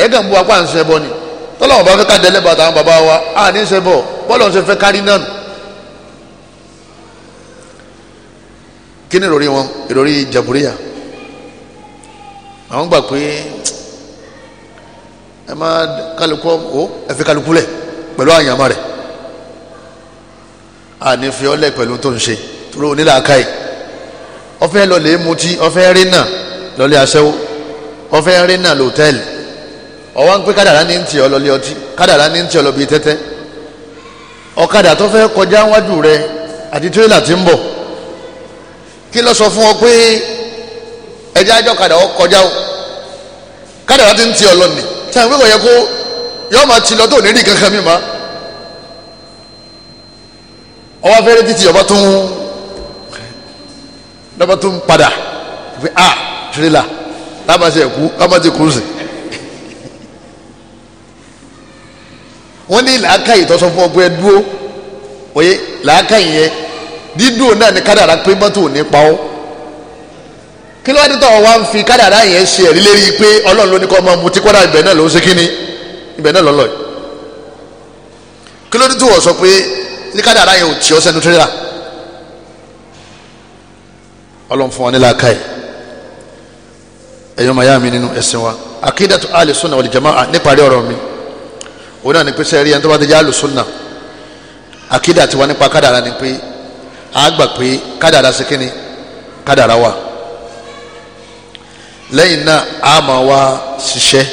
ẹ̀ẹ́dẹ̀ ń bu apá ń sẹ́bọ ni tọ́lọ́wọ́n bá fẹ́ ká dẹ́lẹ́ bàtà àwọn bàbá wa á ní ṣe bọ̀ bọ́lọ̀ ṣe fẹ́ kárí náà nù. kí ni ìròrí wọn ìròrí jàbúríyà àwọn gbà pé ẹ má kálukú ó ẹ fi kálukú lẹ̀ pẹ̀lú àyàmá rẹ̀ á ní fi ọ́ lẹ̀ pẹ̀lú tó ń ṣe tóró onílàáká yìí ọ̀fẹ́ lọ́lẹ̀ mutí ọ̀fẹ́ rí náà lọ́lẹ̀ aṣẹ́wó ọ̀fẹ́ rí náà lọ́tẹ́ẹ̀lì ọwọ́n pé kádàrá ní ń tì ọ lọ lé ọtí kádàrá ní ń tì tẹ́tẹ́ ọ̀kadà tó fẹ́ kọjá wájú rẹ àti tírélà ti ń bọ̀ kí lọ sọ fún ọ pé ẹjẹ́ ajọ kadà ọ kọjá o kádàrá ti ń ọ lọ nì tí àwọn gbẹ̀gbẹ̀ yẹ kó máa ti lọ tó kankan mi ma ọwọ́ títí ọba tó ń lọ́ba tó ń a tírélà ẹ̀kú wọ́n ní làákàyè tó sọ fún ọgbẹ́ dúró oye làákàyè yẹn dídùn náà ni kádàrá pé mọ́tò ò ní pa ọ́ kí ló wá dé tó wá ń fi kádàrá yẹn ṣe ẹ̀rí lérí pé ọlọ́run ló ní kọ́ ọmọ mutí kọ́dà ibẹ̀ náà ló ń ṣe kí ni ibẹ̀ náà lọ́lọ́ yìí kí ló dé tó wọ̀ sọ pé ní kádàrá yẹn ò tí ọ́ sẹ́nu tírélà ọlọ́run fún wa ní làákàyè ẹ̀yọ́ màyá nínú ẹ̀sìn wa akídàtú alẹ́ sọ́nà wal jamaa níparí ọ̀rọ̀ mi òun náà ni pé sẹ́ẹ̀rí ẹni tó bá ti jẹ́ àlùsùnà àkídà tiwa nípa kádàrà ni pé a gbà pé kádàrà sí kíni kádàrà wà lẹ́yìn náà a máa wá ṣiṣẹ́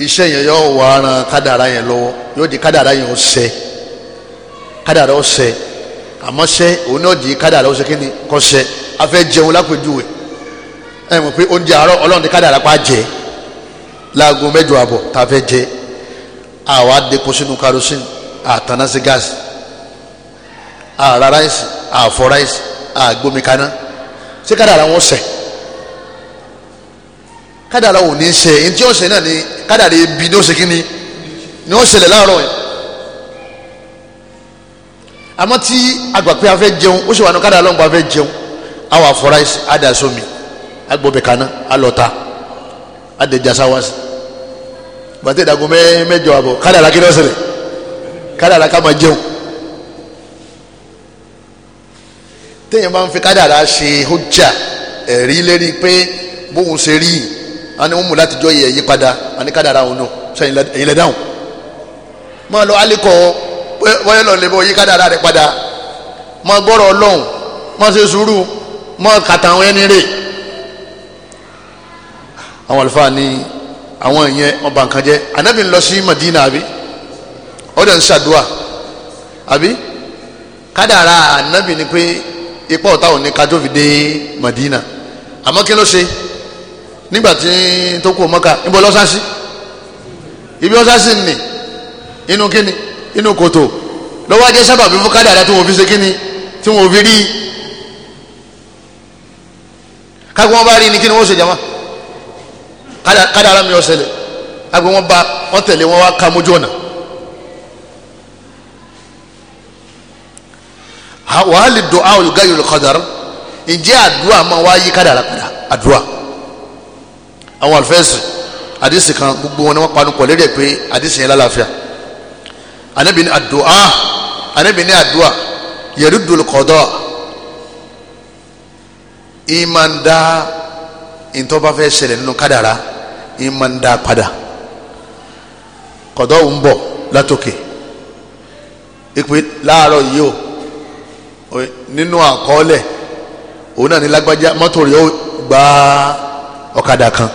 iṣẹ́ yẹn yóò wá ran kádàrà yẹn lọ́wọ́ yóò di kádàrà yẹn ó ṣẹ kádàrà àmọ́ ṣẹ́ òun náà di kádàrà ó kíni kọ́ afẹ́ jẹun lápèjúwe ẹ̀ mọ̀ pé oúnjẹ àárọ̀ ọlọ́run ti kádàrà pa jẹ́ ẹ̀ láago mẹ́jọ àbọ̀ tá a fẹ́ jẹ àwa depo sínú kerosene àtàná sí gáàsì àrà ráìsì àfọ ráìsì àgbomi kaná ṣé kádàrá wọn sẹ kádàrá wọn ò ní sẹ ẹni tí wọn sẹ náà ni kádàrá ebi ní ó ṣe ni ni ó ṣẹlẹ̀ láàárọ̀ yẹn àmọ́ tí agbàpẹ́ afẹ́ jẹun ó ṣe wà ní kádàrá lọ́nà afẹ́ jẹun àwọn àfọ ráìsì àdàsómi agbóbi kaná alọ́ta adẹjasa wa si bàtẹ dagun bẹ mẹjọ abọ kálí ala kiri ọsẹlẹ kálí ala kama jẹun téèyàn bá ń fi kálí ala ṣe hujja ẹ̀rí lérí pé bóun ṣe rí yìí a ní wọn mú láti jọ yẹ yí padà a ní kálí ala òun náà sọ èyí lẹ dáhùn máa lọ alikọ wọ́yẹ́ lọ lè bọ yí kálí ala rẹ padà máa gbọ́rọ̀ ọlọ́run máa ṣe sùúrù máa kàtà àwọn ẹni rè àwọn àlùfáà ní àwọn ìyẹn ọba nǹkan jẹ́ anabi ń sí Madina àbí ọdẹ ń ṣàdúà àbí kádàrá anabi ni pé ipa ọ̀tá òní kájọ́ fi dé Madina àmọ́ kí ló ṣe nígbà tí tó kú mọ́ka níbo lọ́sàsì ibi lọ́sàsì nì inú kíni inú kòtò lọ́wọ́ ajẹ́ sábàbí fún kádàrá tí wọ́n fi ṣe kíni tí wọ́n fi rí i kágbọ́n bá rí ni kí wọ́n ṣe jama kádàrá mi ọ̀sẹ̀lẹ̀ agbe wọn ba wọn tẹ̀lé wọn wá ká mójú ọ̀nà. wàá lè dùn àwọn olùgá yorùbá kádàrá ǹjẹ́ àdúrà máa wá yí kádàrá padà àdúrà àwọn àlùfẹ́sì àdìsí kan gbogbo wọn ni wọ́n panu pọ̀ lérí ẹ̀ pé àdìsí yẹn lálàáfíà anabi ni àdúà anabi ni àdúà yẹ̀rù dùn kọ́dọ̀ ìmàndá ntọ́ba fẹ́ ṣẹlẹ̀ nínú kádàrá. No ń máa ń dá a padà kọ̀dọ̀ ń bọ̀ látòkè ìpè láàárọ̀ yìí o nínú àkọọ́lẹ̀ òun náà ní lágbájá mọ́tò rẹ̀ ó gba ọ̀kadà kan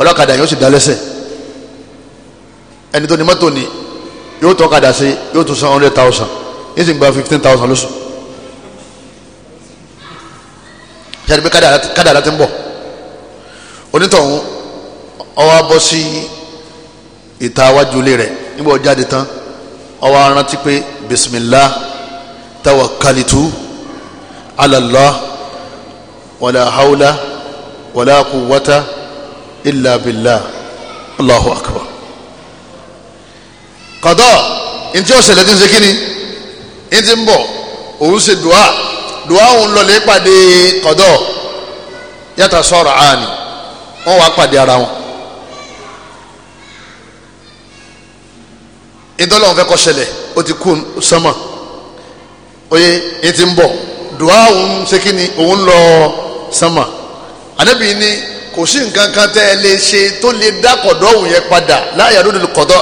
ọlọ́kadà yóò sì dá ẹni tó ní mọ́tò ni yóò tọ́ ọ̀kadà sí yóò tún san hundred thousand yóò sì gba fifteen thousand lóṣù ṣe àdìpé kádà láti ń bọ̀ onítọ̀hún ọwọ́ abọ́ sí ìta iwájú ilé rẹ̀ nígbà ó jáde tán ọwọ́ arántí pé bisimilah tawakalitu alallah wàlá hawla wàlá quwwata illa billah allahu akbar kọ́dọ̀ ntí ó ṣẹlẹ̀ tí ń ṣe kí ni ntí ń bọ̀ òun ṣe dùá dùá òun lọ lè pàdé kọ́dọ̀ yàtọ̀ sọ̀rọ̀ àní wọ́n wá pàdé ara wọn. ìdọ́lọ́ fẹ́ kọ́ ó ti kú oye e ti ń bọ̀ dùá òun ṣe kí ni òun lọ ni kò sí nǹkan kan tẹ́ ẹ lè ṣe tó lè dá kọ̀dọ̀ òun yẹn padà láyà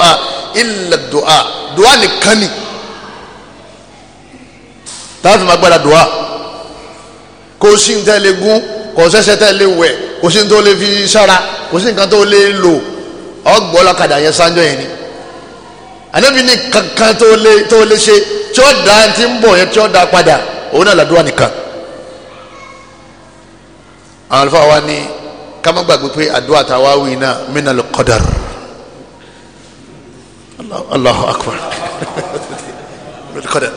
a ilẹ̀ dùá dùá nìkan ni táwọn fi máa gbára dùá kò sí nǹkan tẹ́ ẹ lè gún kò sẹ́sẹ́ tẹ́ ẹ lè wẹ̀ kò sí nǹkan tó lè fi sára kò sí nǹkan tó lè lò ọgbọ́n lọ́kadà yẹn yẹn ni. anabi ní kankan tó lé tó lé ṣe tí ó da ti ń bọ̀ yẹn tí ó da padà òun náà làdúrà nìkan àwọn àlùfáà wa ní ká má gbàgbé pé àdúrà táwa wí náà minal qadar Allahu akbar <laughs> minal qadar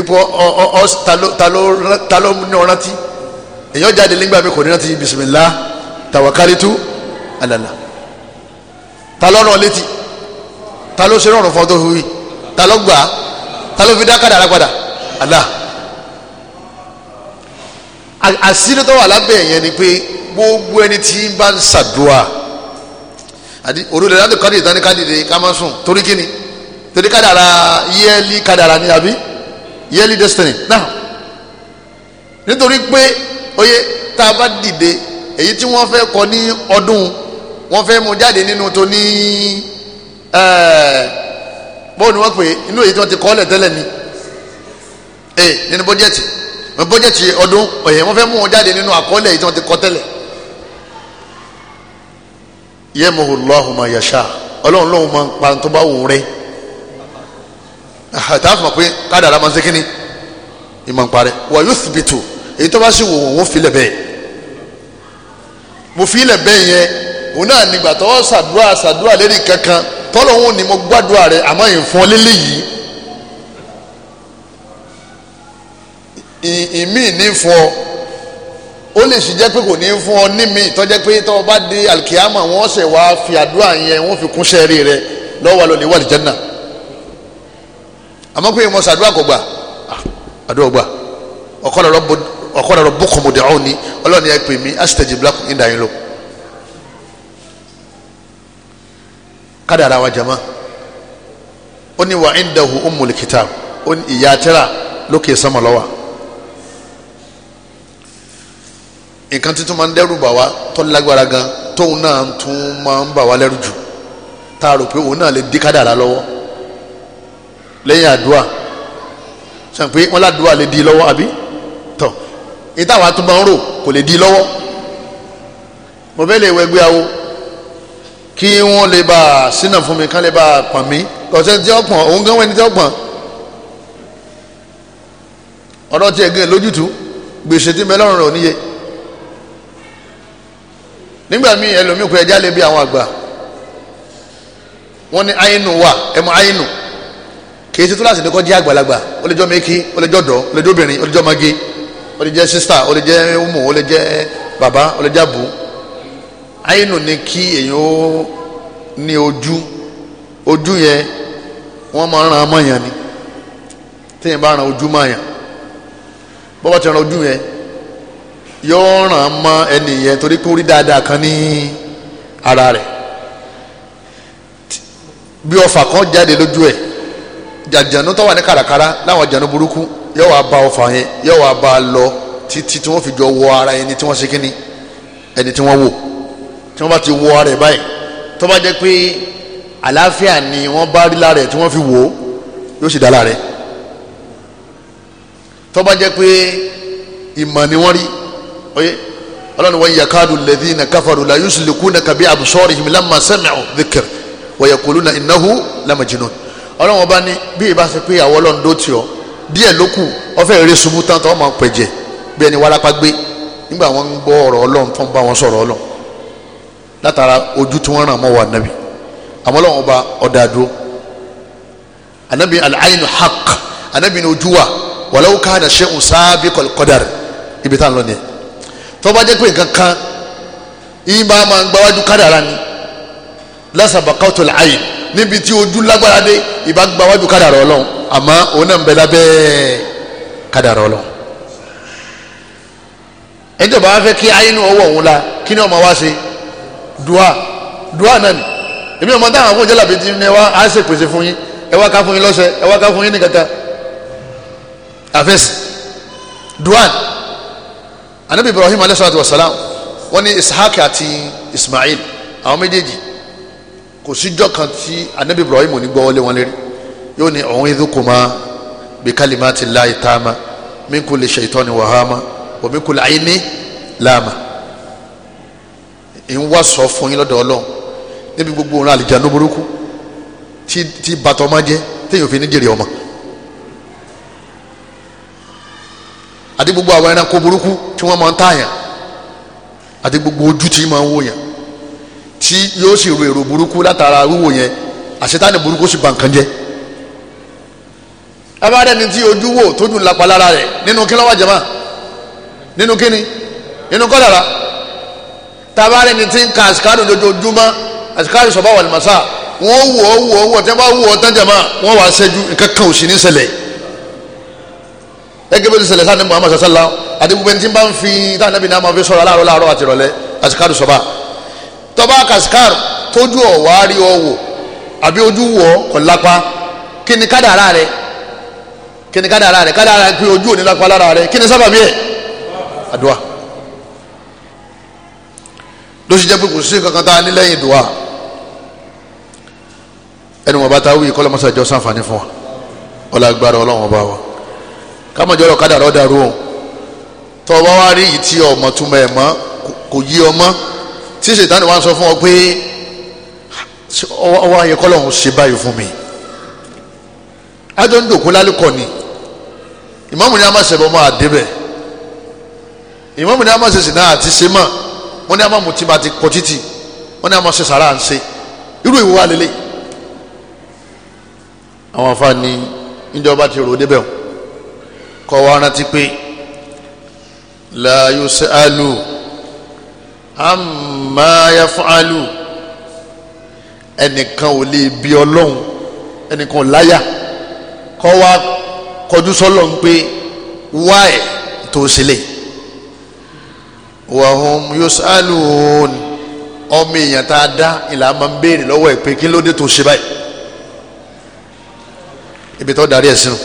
ipò ọ ọ ta ló ní ọrántí èèyàn jáde nígbà mi kò ní rántí bisimilah tawakalitu alala ta lọ́rọ̀ talo ta ló ṣe rọrùn fọ́tò huwi ta ló gbà fi dá kádàrá padà Allah àṣírí tó wà ni pe gbogbo ẹni tí ń bá ń ṣàdúrà àti òrùlẹ̀ kadi kádìrì kadi de kádìrì ká má sùn torí kíni torí kádàrá yẹ́lí kádàrá ni àbí yẹ́lí destiny náà nitori pe oye tá a bá dìde èyí tí wọ́n fẹ́ kọ ní ọdún wọ́n fẹ́ mú jáde nínú tó ní bọ́ọ̀ ni wọ́n pè inú èyí tí wọ́n ti kọ́ ọ́ lẹ̀ tẹ́lẹ̀ ni ee nínú bọ́jẹ̀tì bọ́jẹ̀tì ọdún ọ̀yẹ́ wọ́n fẹ́ mú wọn jáde nínú àkọọ́lẹ̀ èyí tí wọ́n ti kọ́ tẹ́lẹ̀ yẹ́muhu Allahu ma yasha ọlọ́run lóun máa ń pa tó bá wùn rẹ̀ tá a fọ̀ pé kádàrá máa ń ṣe kínní ìmọ̀ ń parẹ́ wà yóò fi bìtù èyí tó bá sì wò wọ́n filẹ̀ bẹ́ẹ̀ mo filẹ̀ bẹ́ẹ̀ yẹn òun náà nígbà tọ́wọ́ sàdúrà sàdúrà lérí kankan tọ́lọ́hún ni mo gbàdúrà rẹ̀ àmọ́ ìfún lílé yìí ìmí ní fún ọ ó lè sì jẹ́ pé kò ní fún ọ nímí ìtọ́jẹ́ pé tọ́wọ́ bá dé alikiyama wọ́n ṣẹ̀ wá fi àdúrà yẹn wọ́n fi kún sẹ́ẹ̀rì rẹ lọ́wọ́ lọ́ọ́ lè wà lìjẹ́nà àmọ́ pé mo sàdúrà kò gbà àdúrà gbà ọ̀kọ́ lọ́rọ̀ bókòmọ̀dé ọ̀hún ni ọlọ́ọ̀ni ẹ pè mí asitajibla kò ní dàáyín lọ́wọ́. kádàrá wa jama ó ní wa indahu ummul kitab ó ní ìyá tírà lókè sánmà ló wà nǹkan tuntun máa ń dẹ́rù bà wá tó lágbára gan tóun náà tún máa ń bà wá lẹ́rù jù tá a rò pé òun náà lè dí kádàrá lọ́wọ́ lẹ́yìn àdúrà sàn pé wọn ládùúrà lè di lọ́wọ́ àbí tọ̀ ìtawà tó ń rò kò lè di lọ́wọ́ mo fẹ́ lè wẹgbẹ́ awo kí wọ́n lè bá a sínà fún mi kán lè bá a pọ̀n mí kọ̀ọ̀sẹ́ tí ó pọ̀n òun gan wẹ́ni tí ó pọ̀n ọ̀rọ̀ tí ẹ̀gẹ́ lójútu gbèsè tí mẹ́lọ́rùn rẹ̀ ò níye nígbà míì ẹlòmíì kú ẹja lè bí àwọn àgbà wọ́n ní àyínú wà ẹ mọ àyínú kì í ṣe tó láti ní kọ́ jẹ́ àgbàlagbà ó lè jọ́ mẹ́kì ó lè jọ́ dọ̀ ó lè jọ́ obìnrin ó lè jọ́ magi ó lè jẹ́ sísítà ó lè jẹ́ ọmọ ó lè jẹ́ bàbá ó lè jẹ́ àbú àyínú ni kí èyàn ó ní ojú ojú yẹn wọ́n máa ń ran amáyàn ni téèyàn bá ran ojú máyàn bọ́bá ti ran ojú yẹn yóò ràn án mọ́ ẹni yẹn torí pé ó rí dáadáa kan ní ara rẹ̀ bí ọfà kan jáde lójú ẹ̀ jàǹjàǹú tó wà ní kàràkàrà láwọn jàǹdù burúkú yóò wá ba ọfà yẹn yóò wá ba lọ títí tí wọ́n fi jọ wọ ara ẹni tí wọ́n ṣe kíni ẹni tí wọ́n wò tí wọ́n bá ti wọ ara ẹ̀ báyìí tó bá jẹ́ pé àlàáfíà ni wọ́n bá rí lára ẹ̀ tí wọ́n fi wò ó yóò sì dá lára ẹ̀ tó bá jẹ́ pé ìmọ̀ ni wọ́n rí oyè ọlọ́run wọ́n yakadu alladhina kafaru la yuslikunaka bi absarihim lamma sami'u dhikr wa yaquluna innahu lamajnun ọlọ́run ọba ní bí ìbá ṣe pé àwọn ọlọ́run ló tiọ̀ díẹ̀ ló kù ọfẹ́ eré sunmú tán tó máa pẹ̀jẹ̀ bí ẹni wàlápá nígbà wọn gbọ́ ọ̀rọ̀ ọlọ́run tó bá wọn sọ̀rọ̀ ọlọ́run látara ojú tí wọ́n ràn mọ́ wa nàbí àmọ́ lọ́wọ́ ọba ọ̀dà dúró anabi al-aynu haq anabi ni ojú wa walaw kana shay'un sabiqal qadar ibi tá à ń lọ nìyẹn tó jẹ́ pé nǹkan kan yìí bá máa ń gbáwájú kádàrá ni lásàbàkàtò láàyè níbi tí ojú lágbára dé ìbá gbáwájú kádàrá ọlọ́run àmọ́ òun náà ń bẹ lábẹ́ kádàrá ọlọ́run ẹjọba wa fẹ́ kí ayé ọwọ́ òun la kí ni ọmọ wa ṣe dua dua nani? ni èmi ọmọ táwọn afọ jẹlẹ àbẹtí ni ẹ wá á ṣe pèsè fún yín ẹ wá ká fún yín lọ́sẹ̀ ẹ wá ká fún yín ní kankan àfẹsì dua anabi ibrahim alayhi salatu salam wọn ni ishaq àti ismail àwọn méjèèjì kò síjọ́ kan tí anabi ibrahim ò ní gbọ́ wọlé wọn lérí yóò ní ọ̀hún idhukuma bi kalimati llahi tama min kulli shaytani wahama wa min kulli ayni lama ń wá sọ fún yín lọ́dọ̀ ọlọ́run níbi gbogbo òun àlìjá ló burúkú tí tí bàtọ́ ọmọ jẹ téèyàn fi ní jèrè ọmọ àti gbogbo àwọn ẹranko burúkú tí wọ́n máa ń tààyàn àti gbogbo ojú tí máa ń wò yàn tí yóò sì ro èrò burúkú látara wíwò yẹn àṣetánì burúkú sì bà nǹkan jẹ́ abáàdé ni tí ojú wò tójú ńlá pa lára nínú kí ló wà jàmá nínú kíni nínú kọ́lára tabaari ni ti ń ka asikaru dojoojúmọ́ asikaru sọ̀bá wà lùmọ̀sá wọ́n wù ọ́ wù ọ́ wù ọ́ tẹ́ bá wù ọ́ tán jàmá wọ́n wà á ṣẹ́jú nǹkan kan ò sì ní ṣẹlẹ̀ ẹgbẹ́ bẹ́ẹ̀ ṣẹlẹ̀ sáà ní muhammad sasala àti gbogbo ẹni tí ń bá ń fi táwọn ẹbí náà máa fi sọ̀rọ̀ aláàrọ̀ láàrọ̀ àti ìrọ̀lẹ́ asikaru sọ̀bá tọ́ba kasikaru tójú ọ̀ wá rí ọ wò àbí ojú wò ọ kò lápá kí ni kádàrá rẹ kí ni kádàrá rẹ kádàrá rẹ pé ojú ò ní lápá lára rẹ kí ni sábàbí ẹ̀ àdúrà ló sì jẹ́ pé kò sí nǹkan kan tá a ní lẹ́yìn dùwà ẹnu wọn bá ta wíyì kọ́lọ́ mọ́sá ìjọ sàǹfààní fún wa ọlágbára ọlọ́run ọba wa kámọ̀jọ́ ọ̀rọ̀ kádà rọ́ dàrú o tọ́ ọ bá wá rí yìí tí ọmọ túmọ̀ ẹ̀ mọ́ kò yí ọmọ tí ṣètánì wa sọ fún ọ pé ọwọ́ ayẹ kọ́lọ́run ṣe báyìí fún mi ájọ ń dòkú lálùkọ ni ìmọ̀mù ni a máa ṣẹ̀bọ̀ máa débẹ̀ ìmọ̀mù ni a máa ṣe sìnà àti ṣe máa wọ́n ní àmọ́ mutí bá ti kọ títì wọ́n ní àmọ́ ṣe sàrà ń ṣe irú ìwúwa lélẹ̀ àwọn afáàní ìjọba ti rò débẹ̀ kọ́ wa rántí pé la yusalu amma yafalu ẹnìkan ò lè bí ọlọ́run ẹnìkan ò láyà kọ́ wa kọjú sọ́lọ́run pé wáyé tó ṣe lè wahum yusalun ọmọ èèyàn tá a dá ìlà máa ń béèrè lọ́wọ́ ẹ̀ pé kí ló dé tó ṣe báyìí ibi tó darí ẹ̀ sínú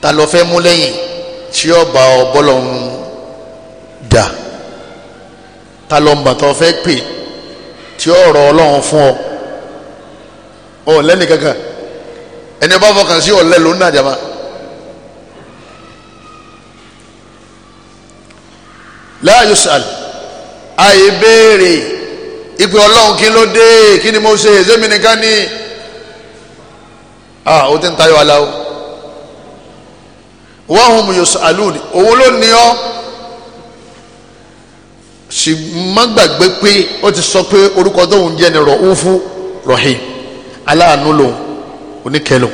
ta ló fẹ́ mú lẹ́yìn tí ó bá ọ ń dà ta ló ń bà tó fẹ́ pè tí ó ọlọ́run fún ọ ọ lẹ́nìí kankan ẹni bá fọkàn sí ọ̀lẹ́ ló ń nàjàmá. la yus'al àyè béèrè ìpè ọlọ́run kí ló dé kí ni mo ṣe èzémi nìkan ni ah o ti ń tayọ aláwo wa hum yus'alun òun ló ní ọ sì má gbàgbé pé ó ti sọ pé orúkọ tóun jẹ́ ni rọ̀húfú rahim aláàánú lòun oníkẹlò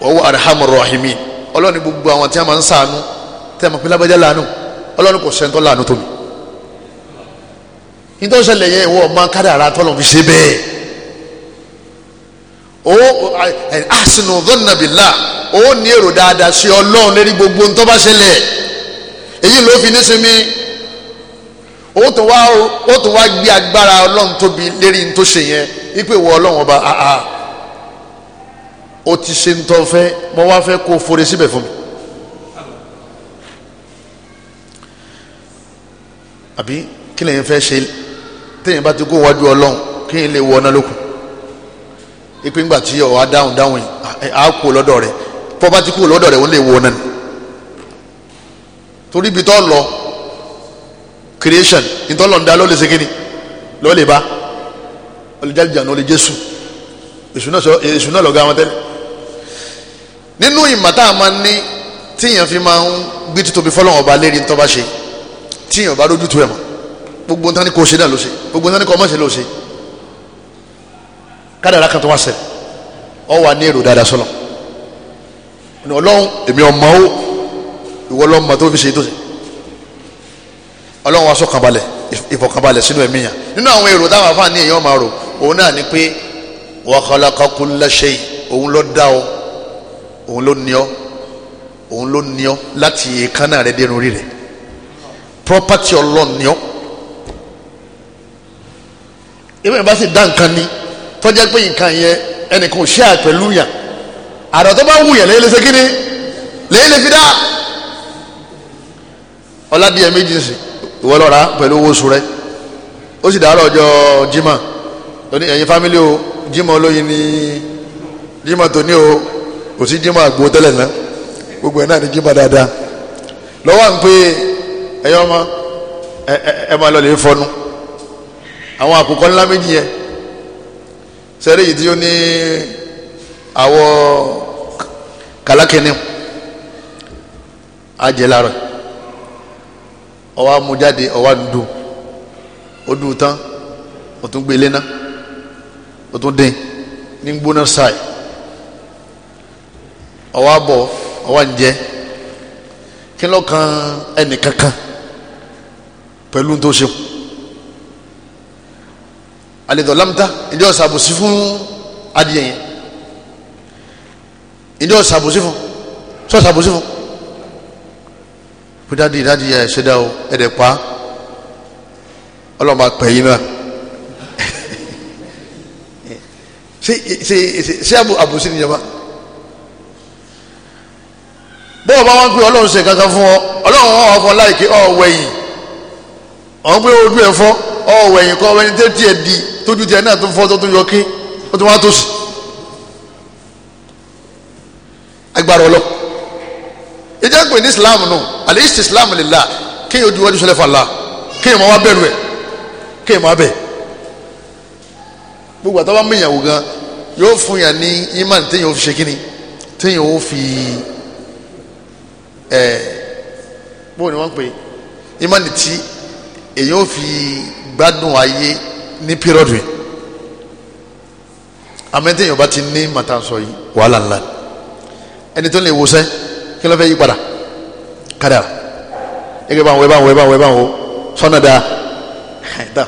wa huwa arhamur rahimin ọlọ́run ni gbogbo àwọn tí a máa ń sàánú tẹ́ ẹ mọ̀ pé lábẹ́jẹ́ lánàá ọlọ́run kò sẹ́ńtọ́ láàánú tóbi nítòsẹ̀lẹ̀ yẹn ìwọ ọmọ kádàrá tọ́lọ̀ fi ṣe bẹ́ẹ̀ o asinu dọ́nàbìlà o ní èrò dáadáa sí ọlọ́run lérí gbogbo ntọ́ bá ṣẹlẹ̀ èyí ló fi ní sinmi o tún wá o tún wá gbé agbára ọlọ́run tóbi lérí ntòsè yẹn ipe ìwọ ọlọ́run ọba a. o ti ṣe ntọ́ fẹ́ mo wá fẹ́ kó o forí síbẹ̀ fún mi. àbí kí lèyìn fẹ́ ṣe téèyàn bá ti kó wájú ọlọ́run kí n lè wọ ọ́nà lókun ipe ńgbà tí ọ̀ wá dáhùn dáhùn yìí á kú lọ́dọ̀ rẹ̀ pọ́ bá ti kú lọ́dọ̀ rẹ̀ wọ́n lè wọ ọ́nà ni torí ibi tó lọ creation ìtọ́lọ̀ǹda ló lè ṣe kíni ló lè bá olùjálìjànú olè jésù èṣù náà lọ́gá wọn tẹ́lẹ̀ nínú ìmọ̀ tá a máa ní tíyàn fi máa ń gbé títóbi fọlọ́wọ́n ọba lérí tó bá ṣe tíyàn bá rójú tu ẹ̀ mọ́ gbogbo ntani kò ṣe náà ló ṣe gbogbo ntani kò má ṣe ló ṣe kádàrá kan tó wá ṣe ọ wà ní èrò dáadáa sọlọ ní ọlọ́run èmi ọmọ o ìwọ ọlọ́run ma tó fi ṣe tó ṣe ọlọ́run wa sọ kànbalẹ̀ ìfọkànbalẹ̀ sínú ẹ̀mí yàn nínú àwọn èrò táwọn afáàní èèyàn máa rò òun náà ni pé wa khalaqa kulla shay òun ló dá ọ òun ló ní ọ òun ló ní ọ láti èékánná rẹ dẹnu orí rẹ property ọlọ́ni ọ́ ìwé bá sì dá nǹkan ni tọ́jà pé nǹkan yẹn ẹnìkan ò ṣe àpẹ̀lú yàn àdàtọ́ tó bá wù yàn lẹ́yìn lè ṣe ni lẹ́yìn lè fi dá ọ̀làdìyẹ méjì sí ìwọ lọ́ra pẹ̀lú owó oṣù rẹ ó sì dàárọ̀ ọjọ́ jimá lóní ẹ̀yin fámílì o jimá olóyin ni jimá tòní o kò sí jimá àgbo tẹ́lẹ̀ náà gbogbo ẹ̀ náà ni jimá dáadáa lọ́wọ́ à ń pè é ẹ̀yọ́ ọmọ ẹ ẹ máa lọ lè fọnu àwọn àkùkọ ńlá méjì yẹn sẹ́rí yìí tí ó ní àwọ̀ kàlákìnní àjẹlá rẹ̀ ọwọ́ amújáde ọwọ́ àdúdú ó dùn tán ó tún gbélé ná ó tún dín ní gbóná ṣáì ọwọ́ abọ̀ ọwọ́ àǹjẹ́ kí ló kan ẹnì kankan pẹ̀lú tó ṣe alẹ́dọ̀ lámta ìdí ọ̀sà àbòsí fún adìyẹ yẹn ìdí ọ̀sà àbòsí fún sọ́ọ̀sà àbòsí fún pítádì ìdádìyẹ ṣẹ̀dá o ẹ̀dẹ̀ pa ọlọ́mọ apẹ̀yìn náà ṣe ṣe ṣe ṣe àbòsí nìyẹn bọ́ọ̀ bá wọn pé ọlọ́run ṣe kankan fún ọ ọlọ́run wọn ọkọ láìkí ọ wẹ̀yìn ọ̀n pé ojú ẹ̀ fọ́ ọ̀wọ̀ ẹ̀yìn kan ọ̀wẹ́ni tẹ́ tiẹ̀ di tójú tiẹ̀ náà tó fọ́ tó tó yọ kí ó ti wá tó sí. agbára ọlọ ìjẹ́ pé ní islam nù àlẹ́ ìsì islam lè la kéèyàn ojú wájú sọlẹ̀ fàlà kéèyàn máa wá bẹ̀rù ẹ̀ kéèyàn máa bẹ̀ gbogbo àtàwọn mìyàwó gan yóò fún yàn ní imán téèyàn ó fi ṣe kíni téèyàn ó fi ẹ̀ bóun ni wọ́n pè imán ti èyí ò fi gbádùn ayé ní pírọ̀dù yìí amẹ́tẹ́ èèyàn bá ti ní màtá sọ yìí wàhálà ńlá ẹni tó lè wòsẹ́ kí ló fẹ́ yí padà kádà ẹgbẹ́ báwọn ẹbáwọn ẹbáwọn ẹbáwọn sọ́nà dáa dáa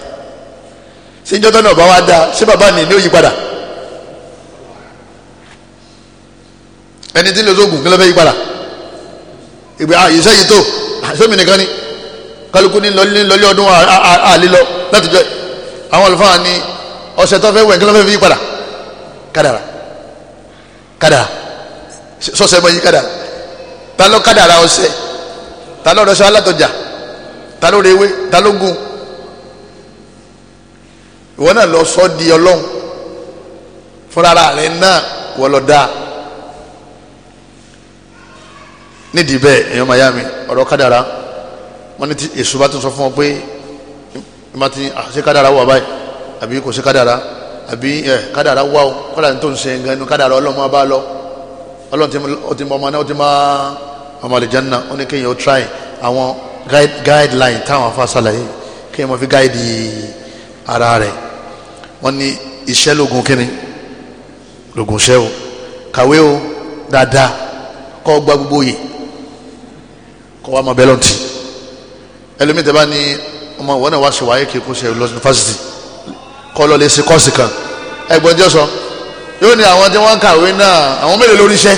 ṣé njọ́tọ́ náà bá wá dáa ṣé bàbá mi ní ó yí padà ẹni tí lè sóògùn kí ló fẹ́ yí padà ìgbà àyíṣẹ́ ah, tó àṣẹ́mi ah, nìkan ni kálukú ní lọlé ọdún àlelọ láti jọ àwọn àlùfáà ní ọ̀sẹ̀ tó fẹ́ wẹ̀ kí ló fẹ́ fi padà kádàrà kádàrà sọ́sẹ̀ mọ́ yí kádàrà ta ló kádàrà ọ̀sẹ̀ ta ló rọṣọ alátọjà ta ló rewé ta ló gùn ìwọ náà lọ sọ di ọlọ́run fúnra rẹ náà wọ́n lọ dáa nídìí bẹ́ẹ̀ èèyàn máa ọ̀rọ̀ kádàrà wọ́n ní èso bá ti sọ fún ọ pé ẹ má ti ṣe kádàrá wà báyìí àbí kò ṣe kádàrá àbí ẹ kádàrá wà ó kọ́dà tó ń ṣe nǹkan inú kádàrá ọlọ́mọ bá lọ ọlọ́run ti mọ ọmọ náà ó ti mọ ọmọ àlìjánná ó ní kéèyàn ó try àwọn guideline táwọn afa ṣàlàyé kéèyàn mọ fi guide ara rẹ̀ wọ́n ní iṣẹ́ lógun kínní lógun iṣẹ́ o kàwé o dáadáa kọ́ gba gbogbo yìí kọ́ wa mọ bẹ́lọ̀ntì ẹlòmíì tẹ́ bá ní ọmọ ìwọ náà wá ṣe wáyé kí n kó ṣe lọ yunifásitì kọ́ lọ lè ṣe kọ́ọ̀sì kan ẹgbọ́n jẹ́ sọ yóò ní àwọn tí wọ́n kàwé náà àwọn mélòó lórí iṣẹ́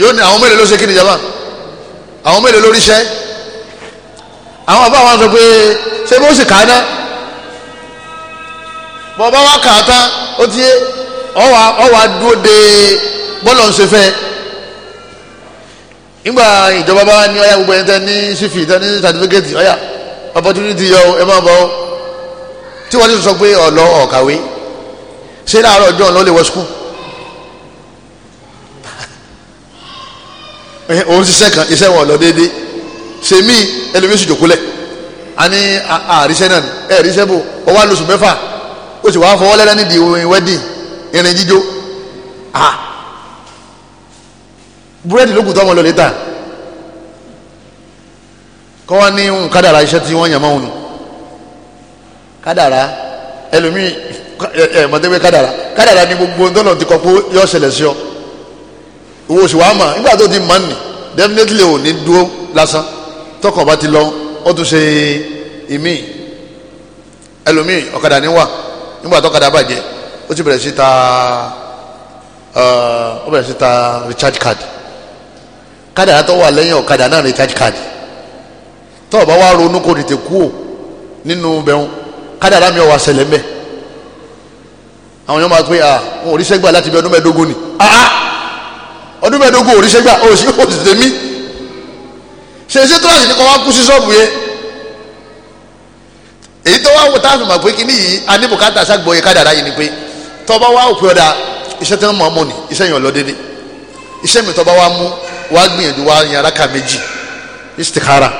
yóò ní àwọn mélòó ló ṣe kí ni jaba àwọn mélòó lórí iṣẹ́ àwọn àbá wọn sọ pé ṣé bó sì kàá ná bọ́ bá wá kàá tán ó ti ọwà ọwà dúró de bọ́lọ̀ ń ṣe fẹ́ẹ́ nígbà ìjọba bá ní ọyá gbogbo ẹni tẹ ní sífì tẹ ní sàtífíkẹ́tì ọyá opportunity yọ ẹ máa bọ̀ tí wọ́n ti sọ pé ọ̀lọ́ ọ̀kàwé ṣé láàárọ̀ ọjọ́ ọ̀nà ó lè wọ skul <laughs> òun ṣiṣẹ́ kan iṣẹ́ wọn lọ déédéé ṣe ẹlòmíín sì jòkó lẹ̀ a ní àríṣẹ́ náà ẹ̀ ríṣẹ́ bò ọ wá lóṣù mẹ́fà ó sì wá fọwọ́ lẹ́lẹ́ nídìí wẹ́dìn irin jíjó ah búrẹ́dì ló kù tọ́mọ lọ létà kọ́ wá ní ń kádàrà iṣẹ́ tí wọ́n yàn mọ́ òun kádàrà ẹlòmíì ẹ mọ̀tẹ́gbẹ́ kádàrà kádàrà ni gbogbo ńdọ́nà ti kọ́ pé yọ ṣẹlẹ̀ sí ọ owó oṣù wàá mà nígbà tó ti mọ̀ nì definitely ò ní dúró lásán tọkàn bá ti lọ ó tún ṣe ìmíì ẹlòmíì ọ̀kadà ní wà nígbà tọ́kadà bàjẹ́ ó ti bẹ̀rẹ̀ sí ta ó bẹ̀rẹ̀ sí ta recharge card. Kada tó wà lẹ́yìn ọ̀kadà náà recharge card tó o bá wá ronú kò tètè kú o nínú bẹ̀rù kádàrá mi ò wá ṣẹlẹ̀ mbẹ́ àwọn yóò máa pé à wọn ò ríṣẹ́ gbà láti bí ọdún mẹ́ẹ̀ẹ́dógún ni àá ah, ah, ọdún mẹ́ẹ̀ẹ́dógún ò ríṣẹ́ gbà ò sí kò sì tèmi ṣe ṣé tó láti ní kó wá kú sí ṣọ́ọ̀bù yẹn èyí tó wá wò tá a fi mọ̀ pé kíní yìí aníbùkátà ságbóye kádàrá yìí ni pé tọ́ba wá òpin ọ̀dà iṣẹ́ tí wọ́n mọ̀ ọ́ mọ̀ ni iṣẹ́ yẹn ò lọ iṣẹ́ mi tọ́ba wá mú wàá gbìyànjú wàá yan araka méjì istikhara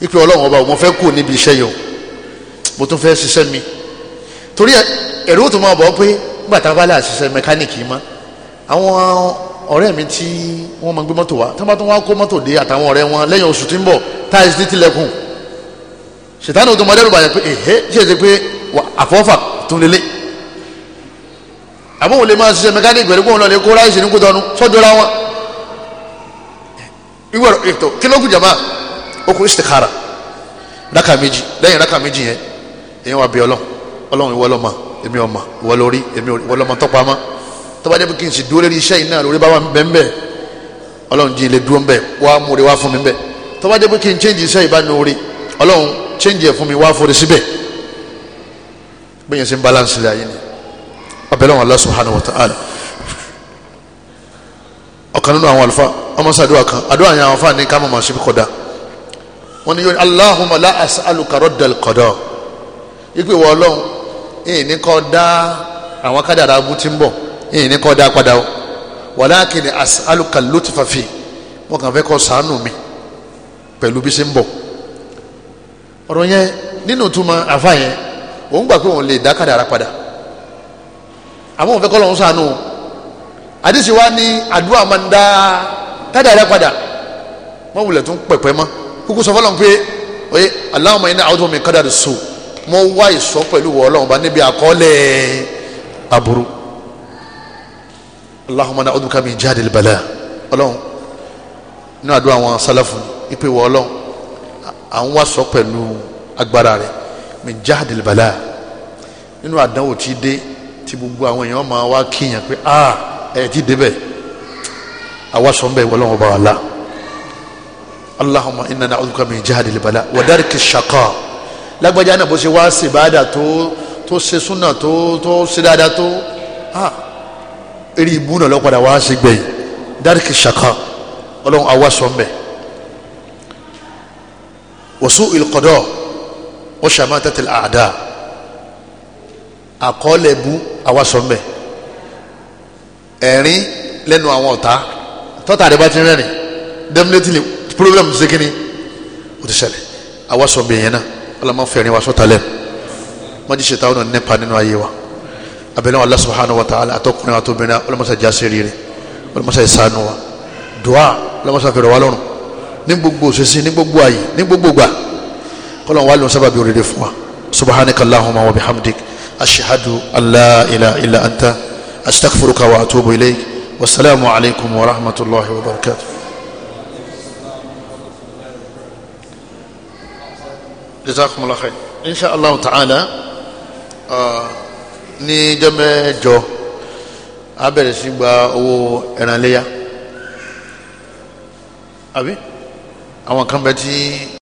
ipe ọlọ́run ọba mo fẹ́ kú níbi iṣẹ́ yìí o mo tún fẹ́ ṣiṣẹ́ mi torí ẹ̀rú tó máa bọ̀ pé nígbà tá a bá lè ṣiṣẹ́ mẹkáníìkì mọ́ àwọn ọ̀rẹ́ mi tí wọ́n máa gbé mọ́tò wá tí wọ́n bá tún wá kó mọ́tò dé àtàwọn ọ̀rẹ́ wọn lẹ́yìn oṣù tí ń bọ̀ táìsì ní tilẹ̀kùn ṣètàn òtún mọ́dẹ́rù bàjẹ́ pé èhé ṣe é ṣe pé àfọ́fà tún lélẹ̀ àbúrò lè máa ṣiṣẹ́ mẹkáníìkì pẹ̀lú kóun lọ lè kó ráìsì ní kótọ́nu sọ́jọ́ra wọn wíwẹ̀ ètò kí ló kù jàmá okùn istikhara raka méjì lẹ́yìn raka méjì yẹn èyàn wà bí ọlọ́ ọlọ́run ìwọ lọ́mọ èmi ọmọ ìwọ lórí èmi ìwọ lọ́mọ tọ́pọ̀ amá tọ́ba jẹ́ pé kí n sì dúró lórí iṣẹ́ yìí náà lórí bá wà ń bẹ́ ń bẹ́ ọlọ́run jí ilé dúró ń bẹ́ wá múre wá fún mi ń bẹ́ tọ́ba jẹ́ pé kí n change iṣẹ́ ìbá nu orí ọlọ́run change ẹ̀ fún mi wá forí síbẹ̀ bẹ́ẹ̀ yẹn sì balance ilé ayé ni abẹ́lẹ́ wọn Allah subhanahu wa ta'ala ọ̀kan nínú àwọn àlùfáà ọmọ sàdúrà kan àdúrà yẹn àwọn àlùfáà ní ká mọ̀mọ́ síbi kọ́dà wọ́n ní yóò Allahumma la as'aluka raddal qada ipe wọ ọlọ́run ìyìn ní kọ́ dá àwọn kádàrà abú ti ń bọ̀ ìyìn ní kọ́ dá padà o walakin as'aluka lutfa fi wọ́n kàn fẹ́ kọ́ sànù mi pẹ̀lú bí ṣe ń bọ̀ ọ̀rọ̀ yẹn nínú túmọ̀ àfa yẹn òun gbà pé òun lè dá kádàrà padà àmọ́ òun fẹ́ kọ́ lọ́run sànù o àdìsí wa ní àdúrà máa ń dá tádà rẹ padà mọ wulẹ̀ tún pẹ̀pẹ́ mọ́ kúkú sọ fọlọ́n pé oye Allahumma inna a'udhu min qadari su mọ wá ìsọ pẹ̀lú wọ ọlọ́run bá níbi àkọọ́lẹ̀ aburú Allahumma na'udhu bika min jahdi al-bala ọlọ́run inú àdúrà àwọn sálàfù ìpè wọ ọlọ́run à ń wá sọ pẹ̀lú agbára rẹ min jahdi al nínú àdánwò tí dé tí gbogbo àwọn èèyàn máa wá kíyàn pé ah ẹ̀ ti débẹ̀ àwa sọ bẹ́ẹ̀ wọ́n lọ́wọ́ bá wa la allahumma inna na'udhuka min jihadi libala wa dariki shaqa lágbájá náà bó ṣe wá sí ìbáàdà tó tó ṣe súnà tó tó ṣe dáadáa tó ha eré ibú náà lọ́padà wá sí gbẹ̀yìn dariki shaqa ọlọ́run àwa bẹ́ẹ̀ wasu ilqada wa shamatati al àkọọ́lẹ̀ bú àwa bẹ́ẹ̀ ẹ̀rín lẹ́nu àwọn ọ̀tá tọ́ta rẹ bá ti rẹ́rìn definitely problem ṣe kí ni o ti ṣẹlẹ̀ àwa sọ bẹ̀yẹn náà ọlọ́mọ fẹ̀rín wa sọ́ta lẹ́nu wọ́n ti ṣètò àwọn nípa nínú ayé wa abẹ́lẹ́ wa Allah subhanahu wa ta'ala àtọkùnrin àtọbìnrin ọlọ́mọṣà jáse rere ọlọ́mọṣà ìsànù wa dùá ọlọ́mọṣà fèrè wa lọ́rùn ní gbogbo òṣèṣin ní gbogbo ayé ní gbogbo gbà kọ́lọ́n wa lóun sábàbí òrèrè fún wa subhanakallahumma wa bihamdik ashhadu an ilaha illa anta. أستغفرك وأتوب إليك والسلام عليكم ورحمة الله وبركاته جزاكم الله خير إن شاء الله تعالى ní jẹ́mẹ́jọ a bẹ̀rẹ̀ sí gba owó ẹ̀rànlẹ́yà àbí àwọn kan bẹ tí.